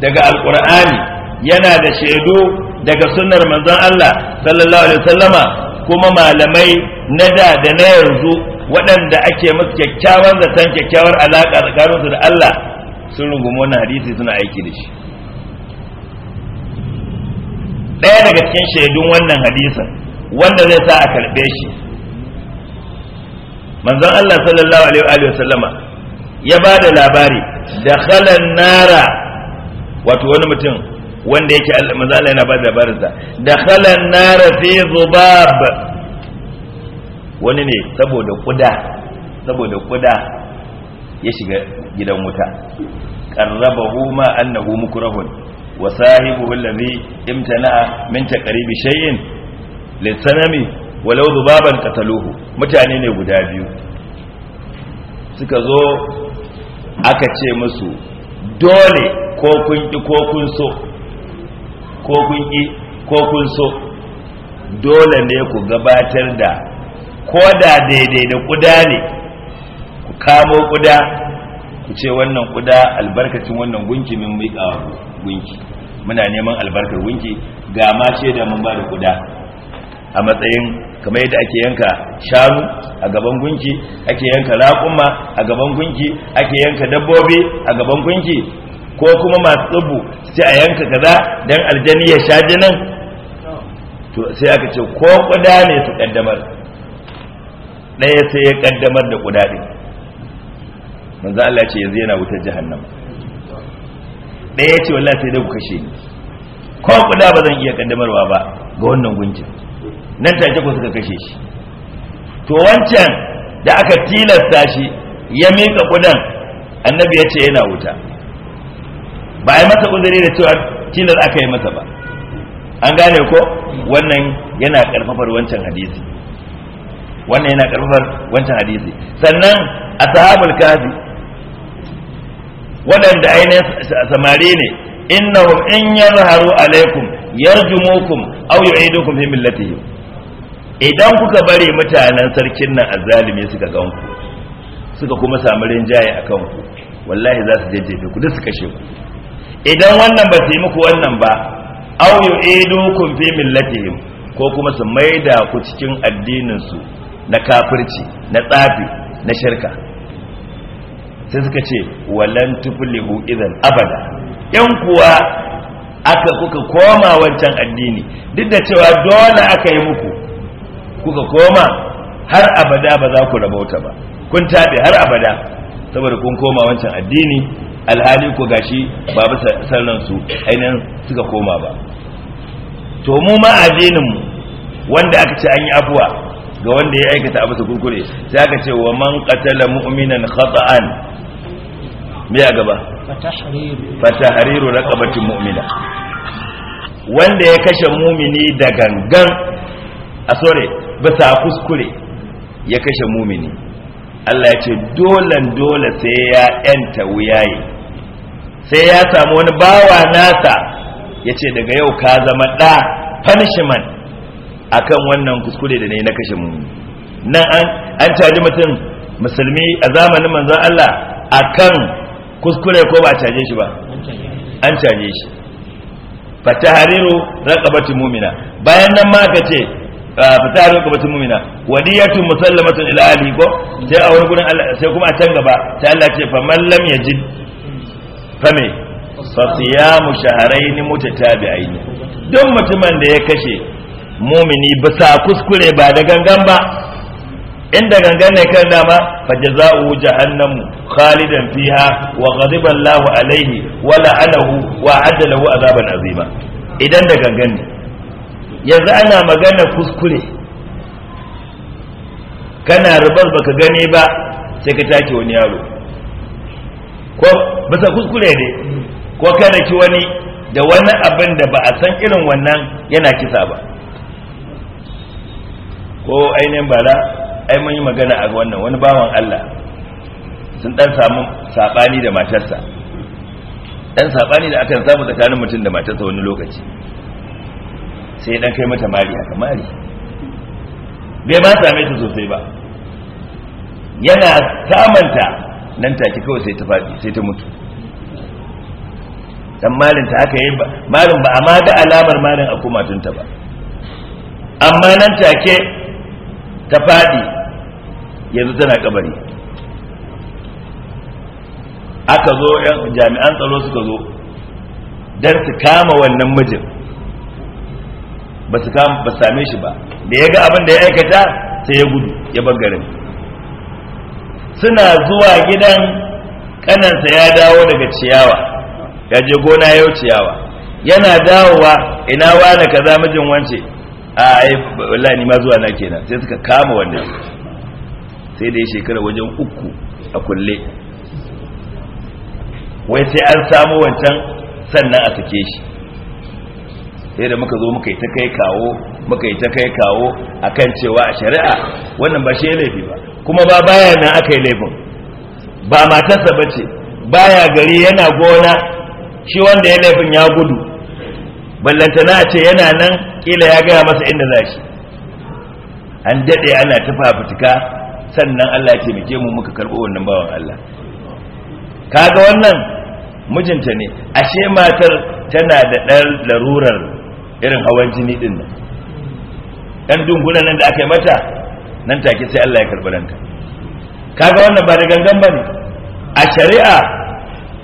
daga alqur'ani yana da shaidu daga sunnar manzon Allah sallallahu alaihi wasallama kuma malamai na da da na yanzu waɗanda ake musu kyakkyawan zaton kyakkyawar alaƙa tsakaninsu da Allah sun rungumi wani hadisi suna aiki da shi ɗaya daga cikin shaidun wannan hadisin wanda zai sa a karɓe shi manzon Allah sallallahu alaihi wa sallama ya ba da labari da nara wato wani mutum wanda yake manzo Allah yana ba da labarinsa dakhala an-nar fi dhubab wani ne saboda kuda saboda kuda ya shiga gidan wuta qarrabahu ma annahu mukrahun wa sahibu alladhi imtana'a min taqribi shay'in litsanami walau dhubaban qataluhu mutane ne guda biyu suka zo aka ce musu dole ko kun ki ko kun so ko kun yi ko kun so dole ne ku gabatar da ko da daidai da kuda ne ku kamo kuda ku ce wannan kuda albarkacin wannan gunki min miƙa gunki muna neman albarkar gunki ga ma ce da mun ba da kuda a matsayin kamar yadda ake yanka shanu a gaban gunki ake yanka raƙuma a gaban gunki ake yanka dabbobi a gaban gunki ko kuma masu tsubu sai a yanka kaza dan aljani ya sha jinin to sai aka ce ko kuda ne su kaddamar ɗaya sai ya kaddamar da kuda ɗin manzo Allah ce yanzu yana wutar jahannama ɗaya ce wallahi sai da ku kashe ni ko kuda ba zan iya kaddamarwa ba ga wannan gunjin nan take ko suka kashe shi to wancan da aka tilasta shi ya mika kudan annabi ya ce yana wuta ba yi masa uzuri da cewa tilas aka yi masa ba an gane ko wannan yana karfafar wancan hadisi wannan yana karfafar wancan hadisi sannan sahabul kafi waɗanda ainihin samari ne innahum in yazharu alaikum yarjumukum aw yu'idukum fi millatihim idan kuka bari mutanen sarkin nan azzalimi suka ganku suka kuma samu rinjaye akan ku wallahi za su jajjefe ku duk su kashe ku idan wannan ba su yi muku wannan ba idu kun fi millatihim ko kuma su maida ku cikin addinin su na kafirci na tsafi na shirka sai suka ce walan tuflihu idan abada yan kuwa aka kuka koma wancan addini duk da cewa dole aka yi muku kuka koma har abada ba za ku rabauta ba kun tabe har abada saboda kun koma wancan addini alhali ko gashi ba ba sarran su ainihin suka koma ba to mu ma addinin mu wanda aka ce an yi afuwa ga wanda ya aikata abu su kurkure sai aka ce wa man qatala mu'minan khata'an me ya gaba tahriru raqabati mu'mina wanda ya kashe mumini da gangan a sore bisa kuskure ya kashe mumini Allah ya ce dolan dole sai ya yanta wuyaye sai ya samu wani bawa nasa ya ce daga yau ka zama ɗa punishment kan wannan kuskure da na yi na kashe mu nan an caji mutum musulmi a zamanin manzan Allah a kan kuskure ko ba a caje shi ba an caje shi fatahariru raqabatu mu'mina bayan nan ma ka ce ah, hariru raqabatu mu'mina wadiyatun musallamatun ila ahli ko sai a wani gurin Allah sai kuma a can gaba sai Allah ce famallam ya yajid fame fa siyamu shahrayn mutatabi'ain don mutumin da ya kashe mumini bisa kuskure ba da gangan ba inda gangan ne kan dama fa jazaa'u jahannam khalidan fiha wa ghadiba Allahu alaihi wa la'anahu wa adalahu azaban azima idan da gangan ne yanzu ana magana kuskure kana rubar baka gani ba sai ka take wani yaro ko ba sa kuskure ne ko kada ki wani da wani abin da ba a san irin wannan yana kisa ba ko ainihin bara ai mun yi magana a wannan wani bawan Allah sun dan samu sabani da matarsa dan sabani da akan samu tsakanin mutum da matarsa wani lokaci sai dan kai mata mari haka mari bai ba same ta sosai ba yana samanta nan take kawai sai ta faɗi sai ta mutu dan malin ta haka yi malin ba amma da alamar malin a kumatunta ba amma nan take ta faɗi yanzu tana kabari aka zo jami'an tsaro suka zo don su kama wannan mijin ba su kama, ba same shi ba da ya ga abin da ya aikata sai ya gudu ya bar garin suna zuwa gidan kanansa ya dawo daga ciyawa ya je gona yau ciyawa yana dawowa ina wani kaza mijin wance a yi wallahi ni ma zuwa na kenan sai suka kama wannan sai da ya shekara wajen uku a kulle wai sai an samu wancan sannan a sake shi sai da muka zo muka yi ta kai kawo muka yi ta kai kawo akan cewa a shari'a wannan ba shi laifi ba kuma ba baya nan aka yi laifin ba matarsa ba ce baya gari yana gona shi wanda ya laifin ya gudu ballantana ce yana nan kila ya gaya masa inda za shi an daɗe ana ta fafutuka sannan allah ya taimake mu muka karɓo wannan bawan allah kaga wannan mijinta ne ashe matar tana da ɗan larurar irin hawan jini ɗin nan ɗan dungunan nan da aka yi mata nan take sai Allah ya karɓi ranka kaga wannan ba da gangan ba ne a shari'a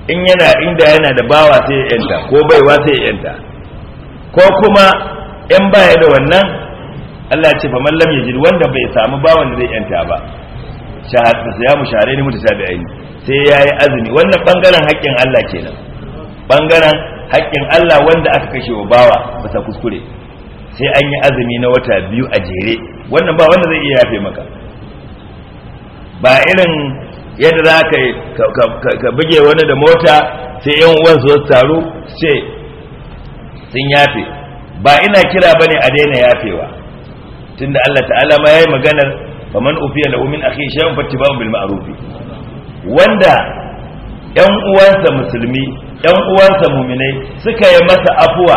in yana inda yana da bawa sai ya yanta ko baiwa sai ya yanta ko kuma in baya da wannan Allah ce fa mallam ya jiri wanda bai samu bawan da zai yanta ba mu shahadatu siyamu shahrayn mutasabi'ain sai yayi azumi wannan bangaren haƙƙin Allah kenan bangaren haƙƙin Allah wanda aka kashe wa bawa sa kuskure sai an yi azumi na wata biyu a jere wannan ba wanda zai iya yafe maka ba irin yadda za ka buge wani da mota sai yan uwan su taru ce sun yafe ba ina kira ba ne a daina yafewa tunda Allah ta'ala ma ya yi maganar man ufiya lahu umin akhi shay'un fattiba'u bil ma'ruf wanda yan uwansa musulmi yan uwansa muminai suka yi masa afuwa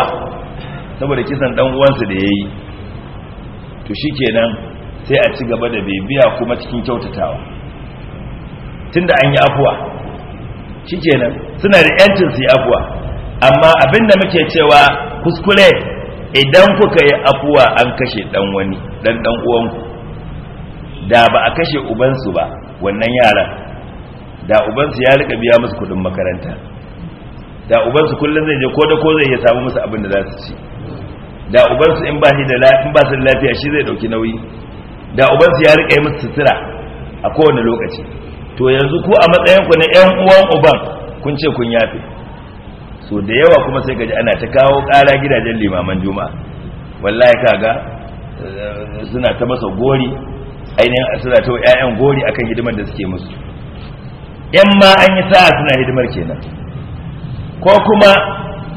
saboda kisan dan uwansa da yayi to shikenan sai a ci gaba da bibiya kuma cikin kyautatawa tunda an yi afuwa shikenan suna da yancin su yi afuwa amma da muke cewa kuskure idan kuka yi afuwa an kashe dan wani dan dan uwanku da ba a kashe ubansu ba wannan yaran da ubansu ya rika biya musu kudin makaranta da ubansu kullum zai je ko da ko zai iya samu musu abin da za su ci da ubansu in ba shi da in ba su da lafiya shi zai dauki nauyi da ubansu ya rika yi musu sutura a kowane lokaci to yanzu ku a matsayin ku na yan uwan uban kun ce kun yafe so da yawa kuma sai kaji ana ta kawo ƙara gidajen limaman juma'a wallahi kaga eh, suna ta masa gori ainihin suna ta ƴaƴan gori akan hidimar da suke musu yan ma an yi sa'a suna hidimar kenan ko kuma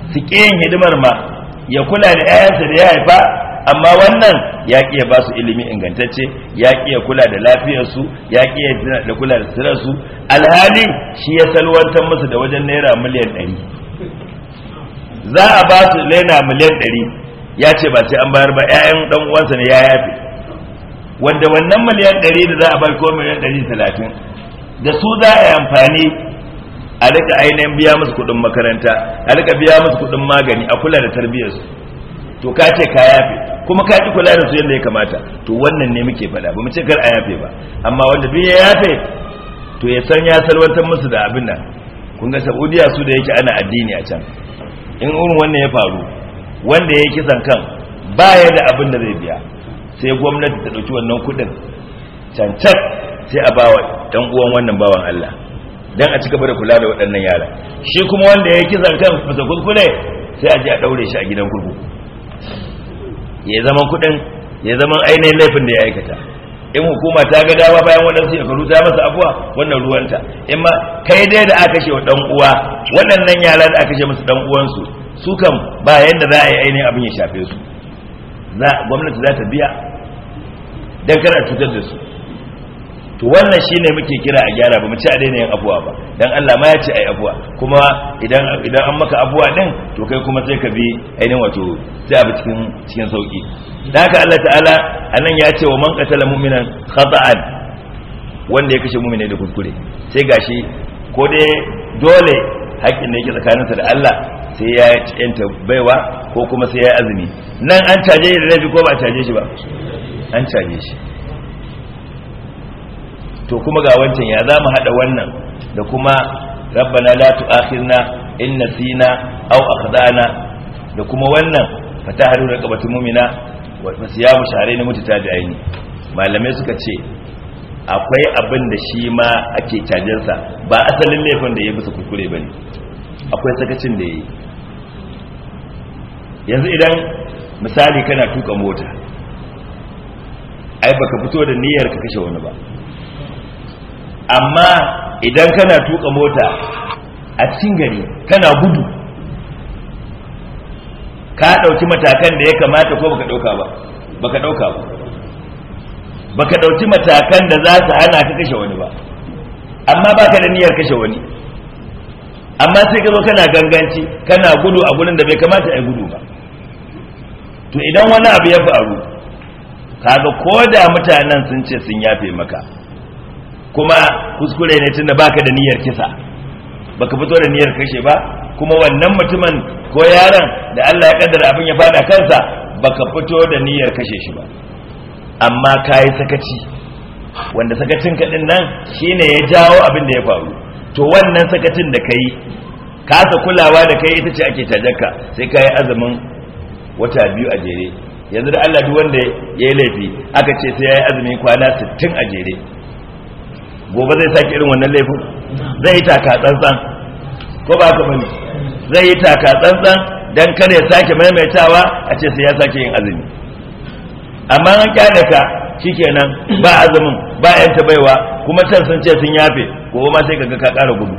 su yin hidimar ma ya kula da 'ya'yansa da ya haifa amma wannan ya ƙi ya ba su ilimi ingantacce ya ƙi ya kula da lafiyarsu ya ƙi ya da kula da sirarsu alhali shi ya salwantar musu da wajen naira miliyan ɗari za a ba su naira miliyan ɗari ya ce ba sai an bayar ba 'ya'yan ɗan uwansa ne ya yafe wanda wannan miliyan ɗari da za a bai ko miliyan ɗari talatin da su za a yi amfani a rika ainihin biya musu kuɗin makaranta a rika biya musu kuɗin magani a kula da tarbiyyarsu to ka ce ka yafe kuma ka ki kula da su yadda ya kamata to wannan ne muke faɗa ba mu ce kar a yafe ba amma wanda duk ya yafe to ya san ya salwantar musu da abin nan kun ga saudiya su da yake ana addini a can in irin wannan ya faru wanda ya yi kisan kan baya da abin da zai biya sai gwamnati ta ɗauki wannan kuɗin cancan sai a bawa ɗan uwan wannan bawan Allah dan a cika da kula da waɗannan yara shi kuma wanda ya kisan kan fasa kuskure sai a je a ɗaure shi a gidan kurkuku ya zaman kuɗin ya zama ainihin laifin da ya aikata in hukuma ta ga dama bayan waɗansu shekaru ta masa abuwa wannan ruwanta in ma kai dai da aka kashe wa ɗan uwa waɗannan yara da aka kashe musu ɗan uwansu su kan ba yadda za a yi ainihin abin ya shafe su gwamnati za ta biya don kar a cutar da su to wannan shine muke kira a gyara ba mu ci a daina yin abuwa ba dan Allah ma ya ce ai abuwa kuma idan an maka abuwa din to kai kuma sai ka bi ainihin wato sai abu cikin cikin sauki dan haka Allah ta'ala anan ya ce wa man qatala mu'minan khata'an wanda ya kashe mu'mini da kuskure sai gashi ko dai dole haƙƙin da yake tsakaninsa da Allah sai ya yanta baiwa ko kuma sai ya azumi nan an caje shi da laifi ko ba a caje shi ba an caje shi to kuma ga wancan ya za mu haɗa wannan da kuma rabbana la tu'akhirna in nasina aw akhdana da kuma wannan da raqabatu mu'mina wa siyamu da aini. malamai suka ce akwai abin da shi ma ake cajarsa ba asalin laifin da ya bisa kukure bane akwai sakacin da yayi yanzu idan misali kana tuka mota ai baka fito da niyyar ka kashe wani ba amma idan kana tuka mota a cikin gari kana gudu ka ɗauki matakan da ya kamata ko baka ɗauka ba baka ɗauka ba baka ɗauki matakan da za su hana ka kashe wani ba amma baka da niyyar kashe wani amma sai ka zo kana ganganci kana gudu a gurin da bai kamata a gudu ba to idan wani abu ya faru kaga ko da mutanen sun ce sun yafe maka kuma kuskure ne tunda baka da niyyar kisa baka fito da niyyar kashe ba kuma wannan mutumin ko yaron da Allah ya kaddara abin ya fada kansa baka fito da niyyar kashe shi ba amma kai sakaci wanda sakacin ka din nan shine ya jawo abin da ya faru to wannan sakacin da kai kasa kulawa da kai ita ce ake tajarka sai kayi azumin wata biyu a jere yanzu da Allah duk wanda ya yi laifi aka ce sai yayi azumi kwana 60 a jere gobe zai sake irin wannan laifin zai yi taka tsantsan ko ba ka bane zai yi taka tsantsan dan kar ya sake maimaitawa a ce sai ya sake yin azumi amma an kyale ka shikenan ba azumin ba yan baiwa kuma can sun ce sun yafe gobe ma sai kaga ka ƙara gudu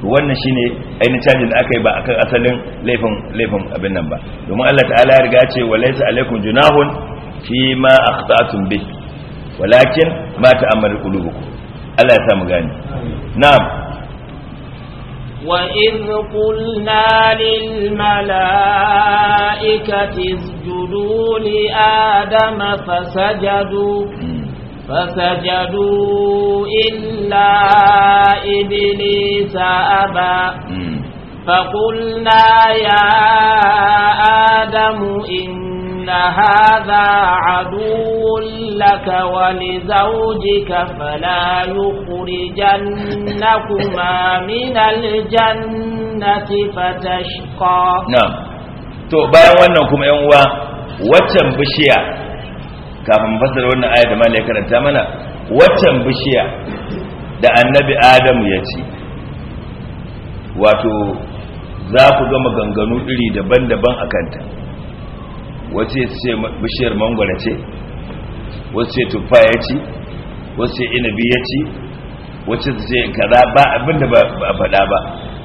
to wannan shine ainihin caji da aka yi ba akan asalin laifin laifin abin nan ba domin Allah ta'ala ya riga ce wa laysa alaikum junahun fi ma akhta'tum bihi walakin ma ta amalu gani na'am wa idh qulna lil malaikati isjudu adama fasajadu hmm. fasajadu illa iblisa aba hmm. fa qulna ya adamu in إن هذا عدو لك ولزوجك فلا يخرجنكما من الجنة فتشقى نعم to bayan wannan kuma yan uwa waccan bishiya kafin fasara wannan aya da malai karanta mana waccan bishiya da annabi adamu ya ci wato za ku ga maganganu iri daban-daban a kanta wace ce bishiyar mangwara ce wace tufa ya ci wace inabi ya ci wace ce kaza ba abinda ba a faɗa ba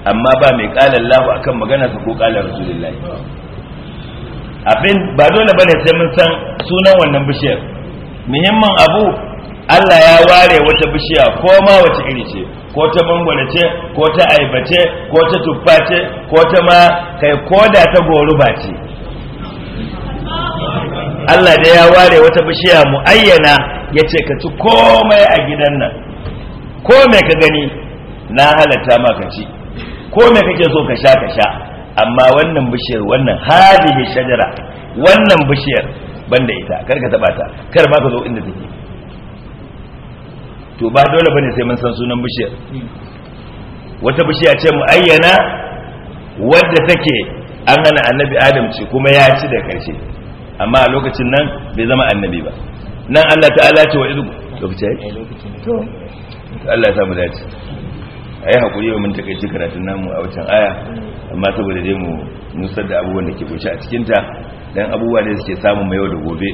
amma ba mai ƙalar a akan magana ta ko ƙalar rasulullahi abin ba dole ba ne sai mun san sunan wannan bishiyar muhimman abu Allah ya ware wata bishiya ko ma wace iri ce ko ta mangwara ce ko ta aibace ko ta tuffa ce ko ta ma kai koda ta goruba ce Allah da ya ware wata bishiya muayyana ya ce ka ci komai a gidan nan komai ka gani na halatta ma ka ci komai kake so ka sha ka sha amma wannan bishiyar wannan hadihi shajara wannan bishiyar banda ita kar ka taba ta kar ma ka zo inda take to ba dole bane sai mun san sunan bishiyar wata bishiya ce muayyana wadda take an gana annabi adam ce kuma ya ci da karshe amma a lokacin nan bai zama annabi ba nan Allah ta'ala ce wa izu lokaci ai to Allah ya samu dace yi hakuri wa mun ji karatun namu a wancan aya amma saboda dai mu nusar da abubuwan da ke goce a cikin ta dan abubuwa da suke samu mai yau da gobe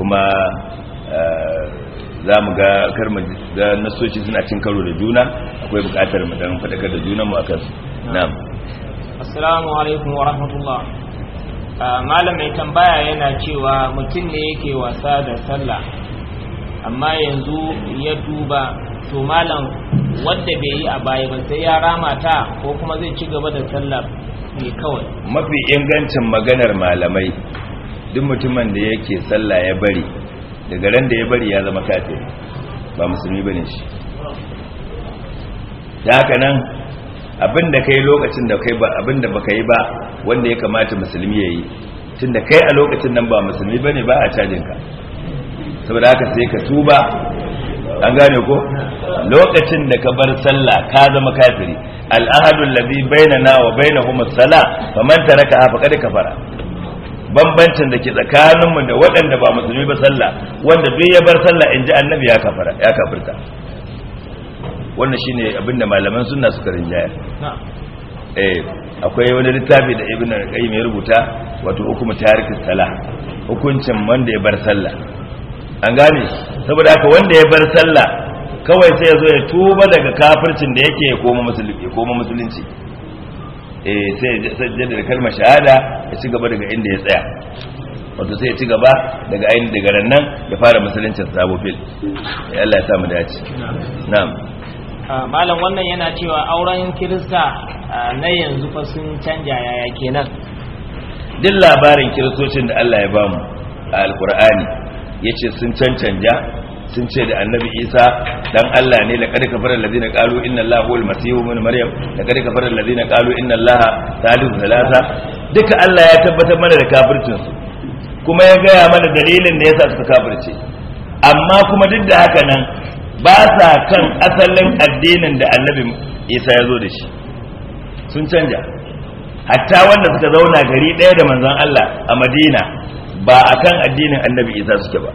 kuma eh, za mu ga karma ga nasoci suna cin karo da juna akwai bukatar mu dan fadakar da mu akan su na'am assalamu alaikum wa rahmatullah malam mai tambaya yana cewa mutum ne yake wasa da sallah amma yanzu ya duba to malam wanda bai yi a baya ba sai ya rama ta ko kuma zai ci gaba da sallah ne kawai mafi ingancin maganar malamai duk mutumin da yake sallah ya bari daga ran da ya bari ya zama kafir ba musulmi bane shi Da haka nan abinda kai lokacin da kai ba abinda baka yi ba wanda ya kamata musulmi ya yi tun da kai a lokacin nan ba musulmi ba ne ba a cajin ka saboda haka sai ka tuba an gane ko lokacin da ka bar sallah ka zama kafiri al'ahadul ladhi bainana wa bainahum as-salah faman taraka faqad kafara bambancin da ke mu da waɗanda ba musulmi ba sallah wanda duk ya bar sallah inji annabi ya kafara ya kafirta wannan shine abinda malaman sunna suka rinjaya eh akwai wani littafi da ibn al-qayyim ya rubuta wato hukumu tarikin salah hukuncin wanda ya bar sallah an gane saboda haka wanda ya bar sallah kawai sai ya zo ya tuba daga kafircin da yake ya koma musulmi ya koma musulunci eh sai ya da kalmar shahada ya ci gaba daga inda ya tsaya wato sai ya ci gaba daga ainihin daga nan ya fara musuluncin sabofil fil ya eh, Allah ya sa mu dace na'am Ah, malam wannan yana cewa auren kirista ah, na yanzu fa sun canja yaya kenan duk labarin kiristocin da Allah ya bamu a alkur'ani yace sun cancanja sun ce da annabi isa dan Allah ne laqad kafara allazina qalu inna allaha huwal masihu min maryam laqad kafara allazina qalu inna allaha thalithu thalatha duka Allah ya tabbatar mana da kafircin su kuma ya gaya mana dalilin da yasa suka kafirce amma kuma duk da haka nan ba sa kan asalin addinin da annabi isa ya zo da shi sun canja hatta wanda suka zauna gari ɗaya da manzon Allah a madina ba a kan addinin annabi isa suke ba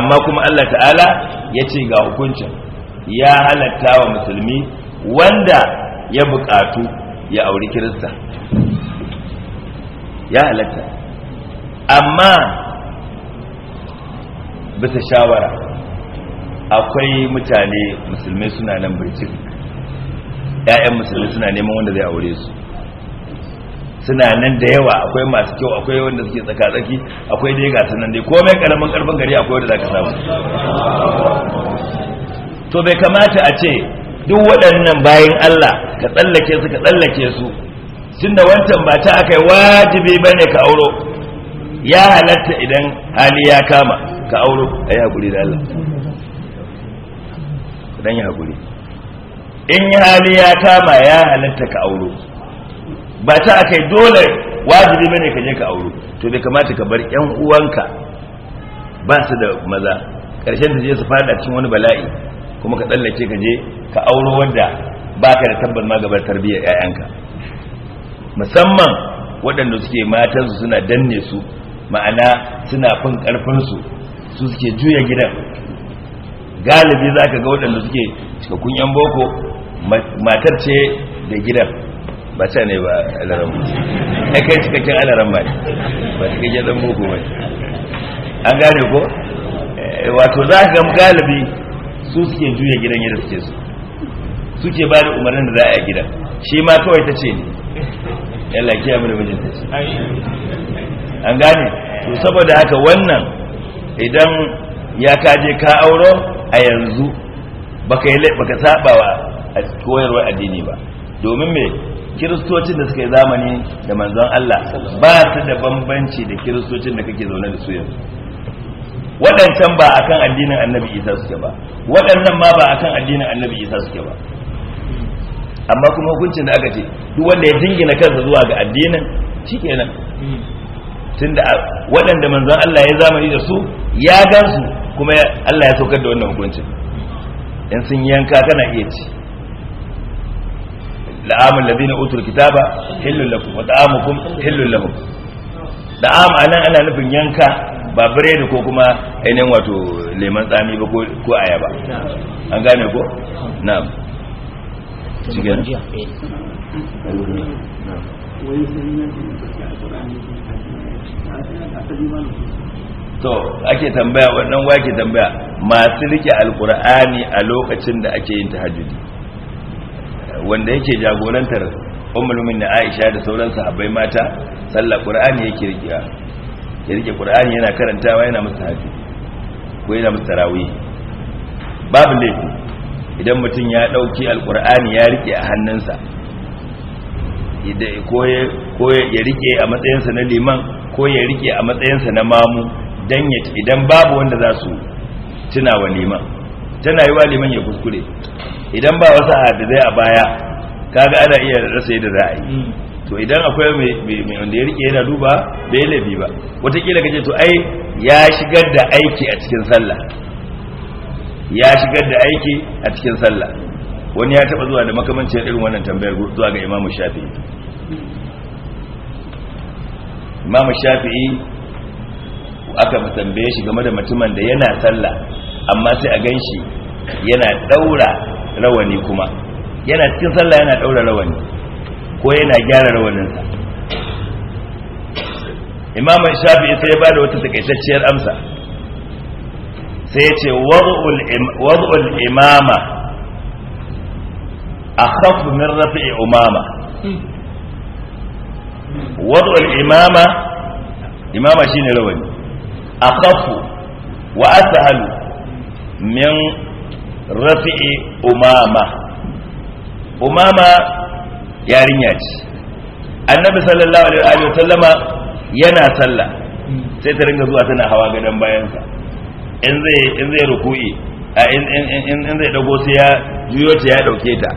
amma kuma Allah ta'ala ya ce ga hukuncin ya halatta wa musulmi wanda ya buƙatu ya auri kirista ya halatta amma bisa shawara akwai mutane musulmai suna nan birkin ‘ya'yan musulmai suna neman wanda zai aure su suna nan da yawa akwai masu kyau akwai wanda suke tsaka-tsaki akwai dai ga sunan dai Ko mai karamin karfin gari akwai wanda za ka samu to bai kamata a ce duk waɗannan bayan Allah ka tsallake su ka tsallake su sun da wancan ba ta aka yi wajibi ba ne ka auro ya halatta idan hali ya kama ka auro a yi haƙuri da Allah dan ya gure in yi hali ya kama ya halatta ka auro ba ta kai dole wajibi bane ka je ka auro to bai kamata ka bar yan uwanka ba su da maza karshen da je su fada cikin wani bala'i kuma ka tsallake ka je ka auro wanda ka da tabbar ma gabar tarbiyyar 'ya'yanka musamman waɗanda suke matansu suna danne su ma'ana suna fin ƙarfinsu su suke juya gidan galibi za ka ga waɗanda suke cikakkun yan boko matar ce da gidan ba ta ne ba alaran ba ya kai cikakken alaran ba ne ba cikakken dan boko ba an gane ko eh, wato za ka ga galibi su suke juya gidan yadda suke su suke ba da umarnin da za a yi gidan shi ma kawai ta ce ne yalla kiya mu da mijinta an gane to saboda haka wannan idan ya kaje ka auro a yanzu baka yi baka saba wa koyarwar addini ba domin me kiristocin da suka yi zamani da manzon Allah ba su da bambanci da kiristocin da kake zaune da su yanzu waɗancan ba akan addinin annabi isa suke ba waɗannan ma ba akan addinin annabi isa suke ba amma kuma hukuncin da aka ce duk wanda ya dingina kansa zuwa ga addinin shikenan hmm. tunda waɗanda manzon Allah ya zamani da su ya gansu kuma Allah ya saukar da wannan hukuncin in sun yanka kana iya ci la'amul ladina utul kitaba hillul lakum wa ta'amukum hillul lahum da'am anan ana nufin yanka ba biredi ko kuma ainihin wato leman tsami ba ko ayaba an gane ko na'am cikin to ake tambaya wannan wake tambaya masu rike alkur'ani a lokacin da ake yin tahajjudi wanda yake jagorantar ummul mu'minin Aisha da sauran sahabbai mata sallar qur'ani yake rikiya ya rike qur'ani yana karantawa yana musu tahajjudi ko yana musu tarawih babu laifi idan mutum ya dauki alkur'ani ya rike a hannunsa ko ya rike a matsayinsa na liman ko ya rike a matsayinsa na mamu dan ya idan babu wanda za su tuna wa liman tana yi wa liman ya kuskure idan ba wasu zai a baya kaga ana iya rasa yadda za a yi hmm. to idan akwai mai wanda ya rike yana duba bai laifi ba watakila ce to ai ya shigar da aiki a cikin sallah ya shigar da aiki a cikin sallah wani ya taba zuwa da makamancin irin wannan tambayar zuwa ga imamu shafi'i imamu shafi'i aka tambaye shi game da mutumin da yana sallah amma sai a ganshi yana daura rawani kuma yana cikin sallah yana daura rawani ko yana gyara rawaninsa Imam shafi'i sai ya bada wata takaitacciyar amsa sai ya ce wad'ul imama akhaf min rafi'i umama hmm. wad'ul imama imama shine rawani akhafu wa ashalu min rafi'i umama umama yarinya ce annabi sallallahu alaihi wa sallama yana sallah sai ta ringa zuwa tana hawa gadon bayansa in zai in zai ruku'i in zai dago sai ya juyo ta ya dauke ta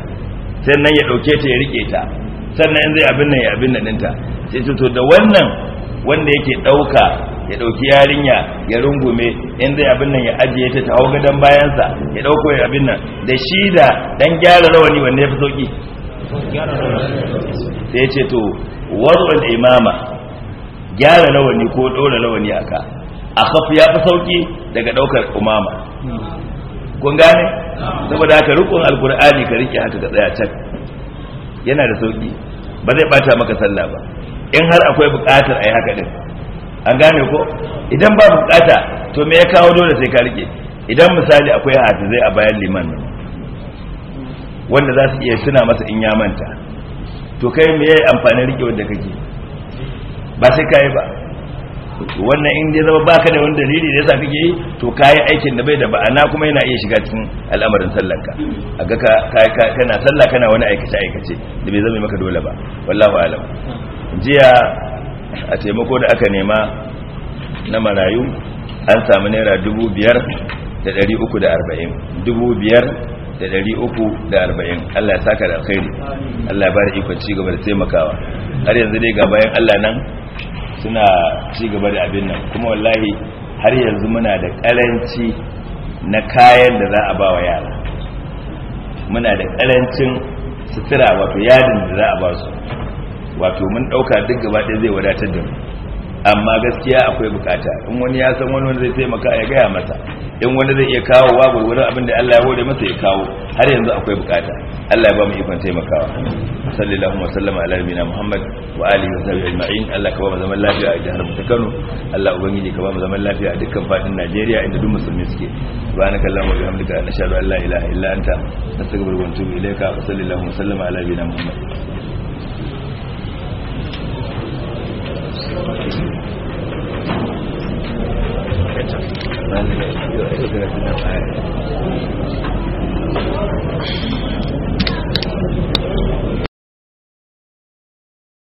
sai nan ya dauke ta ya rike ta sannan in zai abin nan ya abin nan ɗinta sai ce to da wannan wanda yake ɗauka ya ɗauki yarinya ya rungume in zai abin nan ya ajiye ta ta hau gadon bayansa ya ɗauko ya abin nan da shi da ɗan gyara rawani wanda ya fi sauƙi sai ce to warwar imama gyara rawani ko ɗora rawani aka a kafu ya fi sauƙi daga ɗaukar umama kun gane saboda haka rukun alkur'ani ka rike haka ka tsaya can yana da sauki ba zai bata maka sallah ba in har akwai bukatar yi haka din an gane ko idan ba bukata to me ya kawo dole sai ka rike idan misali akwai hafizai a bayan liman nan wanda za su iya suna masa in ya manta to kai me yayi amfani rike wanda kake ba sai kai ba wannan in dai zama baka da wani dalili da yasa kake yi to kai aikin da bai da ba'ana kuma yana iya shiga cikin al'amarin sallanka a ga ka kana sallah kana wani aikace aikace da bai zama maka dole ba wallahu alam jiya a taimako da aka nema na marayu an samu naira dubu biyar da dari uku da arba'in allah ya saka da alkhairi allah ya bada ikon ci gaba da taimakawa har yanzu dai ga bayan allah nan suna ci gaba da abin nan kuma wallahi har yanzu muna da karanci na kayan da za a ba wa yara muna da karancin sutura wato yadin da za a ba su wato mun ɗauka duk gaba ɗaya zai wadatar da mu amma gaskiya akwai bukata in wani ya san wani zai taimaka ya gaya masa in wani zai iya kawo wa gurgurin abin da Allah ya hore masa ya kawo har yanzu akwai bukata Allah ya ba mu ikon taimakawa sallallahu wa sallama ala nabiyina Muhammad wa alihi wa sahbihi ajma'in Allah ka ba mu zaman lafiya a jihar Kano Allah ubangiji ka ba mu zaman lafiya a dukkan fadin Najeriya inda duk musulmi suke subhanaka allahumma wa bihamdika nashhadu an la ilaha illa anta nastaghfiruka wa natubu ilayka wa sallallahu wa sallama ala nabiyina Muhammad Thank you. 那个，这个，这个，那个。